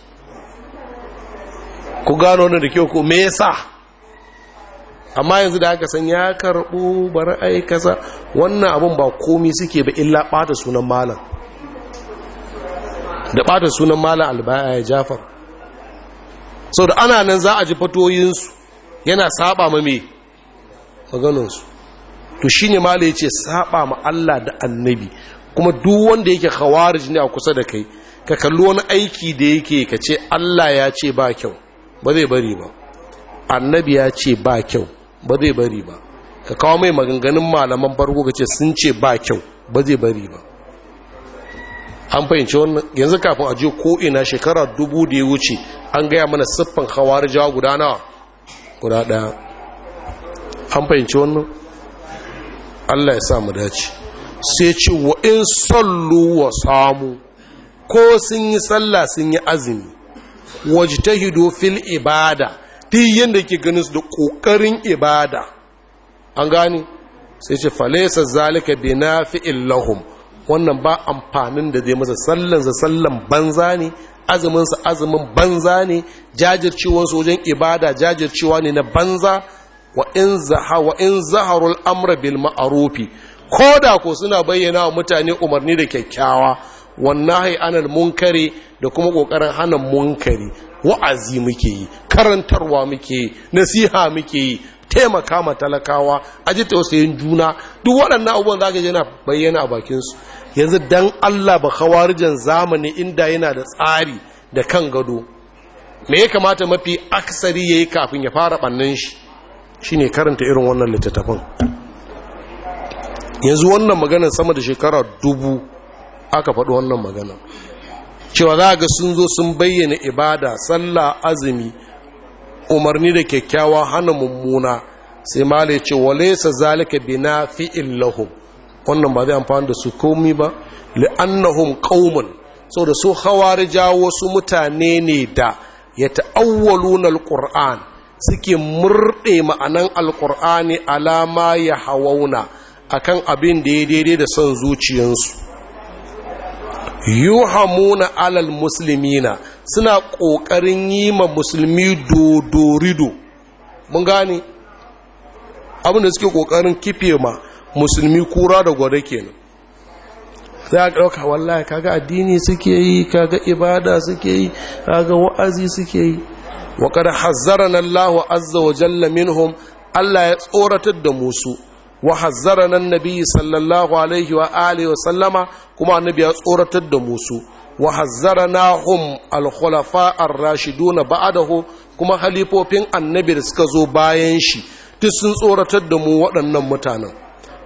ku gano wanda da kyau ko me yasa amma yanzu da haka san ya karɓo bari aikasa wannan abun ba komi suke ba illa ɓata sunan malam da ɓata sunan malam albaya ya jafar sau da ana nan za a ji fatoyinsu yana saba ma me maganinsu to shi ne malam ya ce saba ma Allah da annabi kuma duk wanda yake khawarij ne a kusa da kai ka kalli wani aiki da yake ka ce Allah ya ce ba kyau ba zai bari ba annabi ya ce ba kyau ba zai bari ba ka kawo mai maganganun malaman farko ka ce sun ce ba kyau ba zai bari ba an fahimci wannan yanzu kafin a je ko ina shekara dubu da ya wuce an gaya mana siffan hawar jawa guda nawa guda ɗaya an fahimci wannan allah ya sa mu dace sai ce wa in sallu wa samu ko sun yi sallah sun yi azumi wajtahidu fil ibada Yin da ke ganin su da ƙoƙarin ibada an gane sai ce falesa zalika bi nafi'in lahum wannan ba amfanin da zai masa sa sallan banza ne azuminsa azumin banza ne jajircewarsa wajen ibada jajircewa ne na banza wa in zaha wa in zaharul amra bil ma'rufi koda ko suna bayyana wa mutane umarni da kyakkyawa wannan hai anal munkari da kuma kokarin hana munkari wa'azi muke yi karantarwa muke yi nasiha muke yi taimaka ma talakawa a ji tausayin juna duk waɗannan abubuwan za ka yana bayyana a bakinsu yanzu dan allah ba kawarijan zamani inda yana da tsari da kan gado me ya kamata mafi aksari ya yi kafin ya fara ɓannan shi shi ne karanta irin wannan littattafan yanzu wannan maganar sama da shekara dubu aka faɗi wannan maganar cewa za ga sun zo sun bayyana ibada sallah azumi umarni da kyakkyawa hana mummuna sai malai ce wa laisa zalika bina fi lahum wannan ba zai amfani da su komi ba li'annahum qaumun saboda su hawarija wasu mutane ne da ya ta'awwaluna alquran suke murɗe ma'anan alqur'ani alama ya hawauna akan abin da ya daidai da son zuciyarsu yuhamuna alal muslimina suna ƙoƙarin yi ma musulmi dodorido mun gane abin da suke ƙoƙarin kife ma musulmi kura da gwada kenan za a ɗauka wallahi kaga addini suke yi kaga ibada suke yi kaga wa'azi suke yi wa kada hazzara na Allah azza wa jalla minhum Allah ya tsoratar da musu wa hazzarana annabi sallallahu alaihi wa wa sallama kuma annabi ya tsoratar da musu wa hazzaranahum al-khulafa ar-rashiduna ba'dahu kuma halifofin annabi da suka zo bayan shi duk sun tsoratar da mu waɗannan mutanen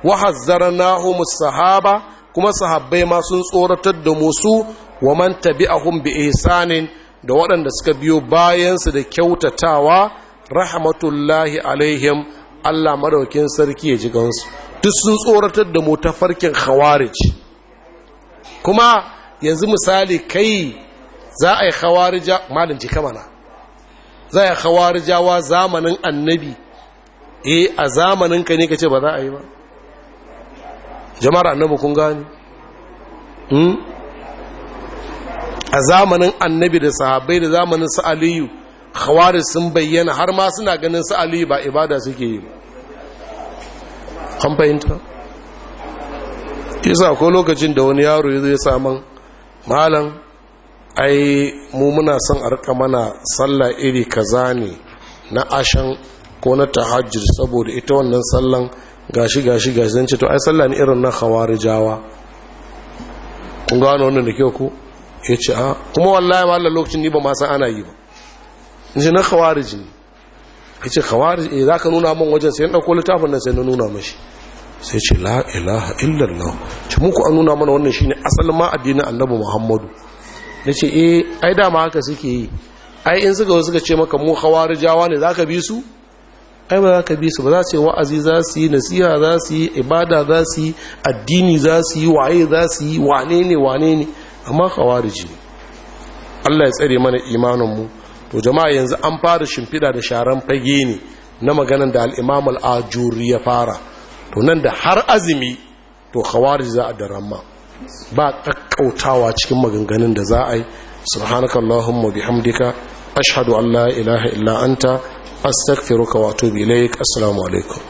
wa hazzaranahum as-sahaba kuma sahabbai ma sun tsoratar da mu su wa man tabi'ahum bi ihsanin da waɗanda suka biyo bayansu da kyautatawa rahmatullahi alaihim Allah maraukin sarki ya ji gansu duk sun tsoratar da mu ta farkin khawarij kuma yanzu misali kai za a yi khawarija malin kama na. za a yi khawarijawa zamanin annabi eh a zamanin ka ne ka ce ba za a yi ba jama'ar annabi kun gani hmm? a zamanin annabi da sahabbai da zamanin su aliyu khawarij sun bayyana har ma suna ganin su aliyu ba ibada suke yi kan fahimta isa ko lokacin da wani yaro ya zai saman malam ai mu muna son arka mana sallah iri kaza ne na ashan ko na tahajjud saboda ita wannan sallan gashi gashi gashi zan ce to ai sallah ne irin na khawarijawa kun gano wannan da kyau ko ya ce a kuma wallahi ma lokacin ni ba ma san ana yi ba ji na khawarij ne a ce khawarij eh, za ka nuna mun wajen sai ɗauko littafin nan sai na nuna mashi sai ce la ilaha illallah ce muku an nuna mana wannan shine asalin ma addinin annabi muhammadu na ce e, ai dama haka suke yi ai in suka suka ce maka mu khawarijawa ne za ka bi su ai ba za ka bi su ba za su yi wa'azi za su yi nasiha za su yi ibada za su yi addini za su yi waye za su yi wane ne wane ne amma khawariji ne Allah ya tsare mana imanin mu to jama'a yanzu an fara shimfiɗa da sharan fage ne na maganan da al'imam al'ajuri ya fara to nan da har azumi to khawari za a daramma ba ƙaƙƙautawa cikin maganganun da za a yi subhanakallahumma bihamdika ashhadu an la ilaha illa anta astaghfiruka wa atubu ilaik assalamu alaikum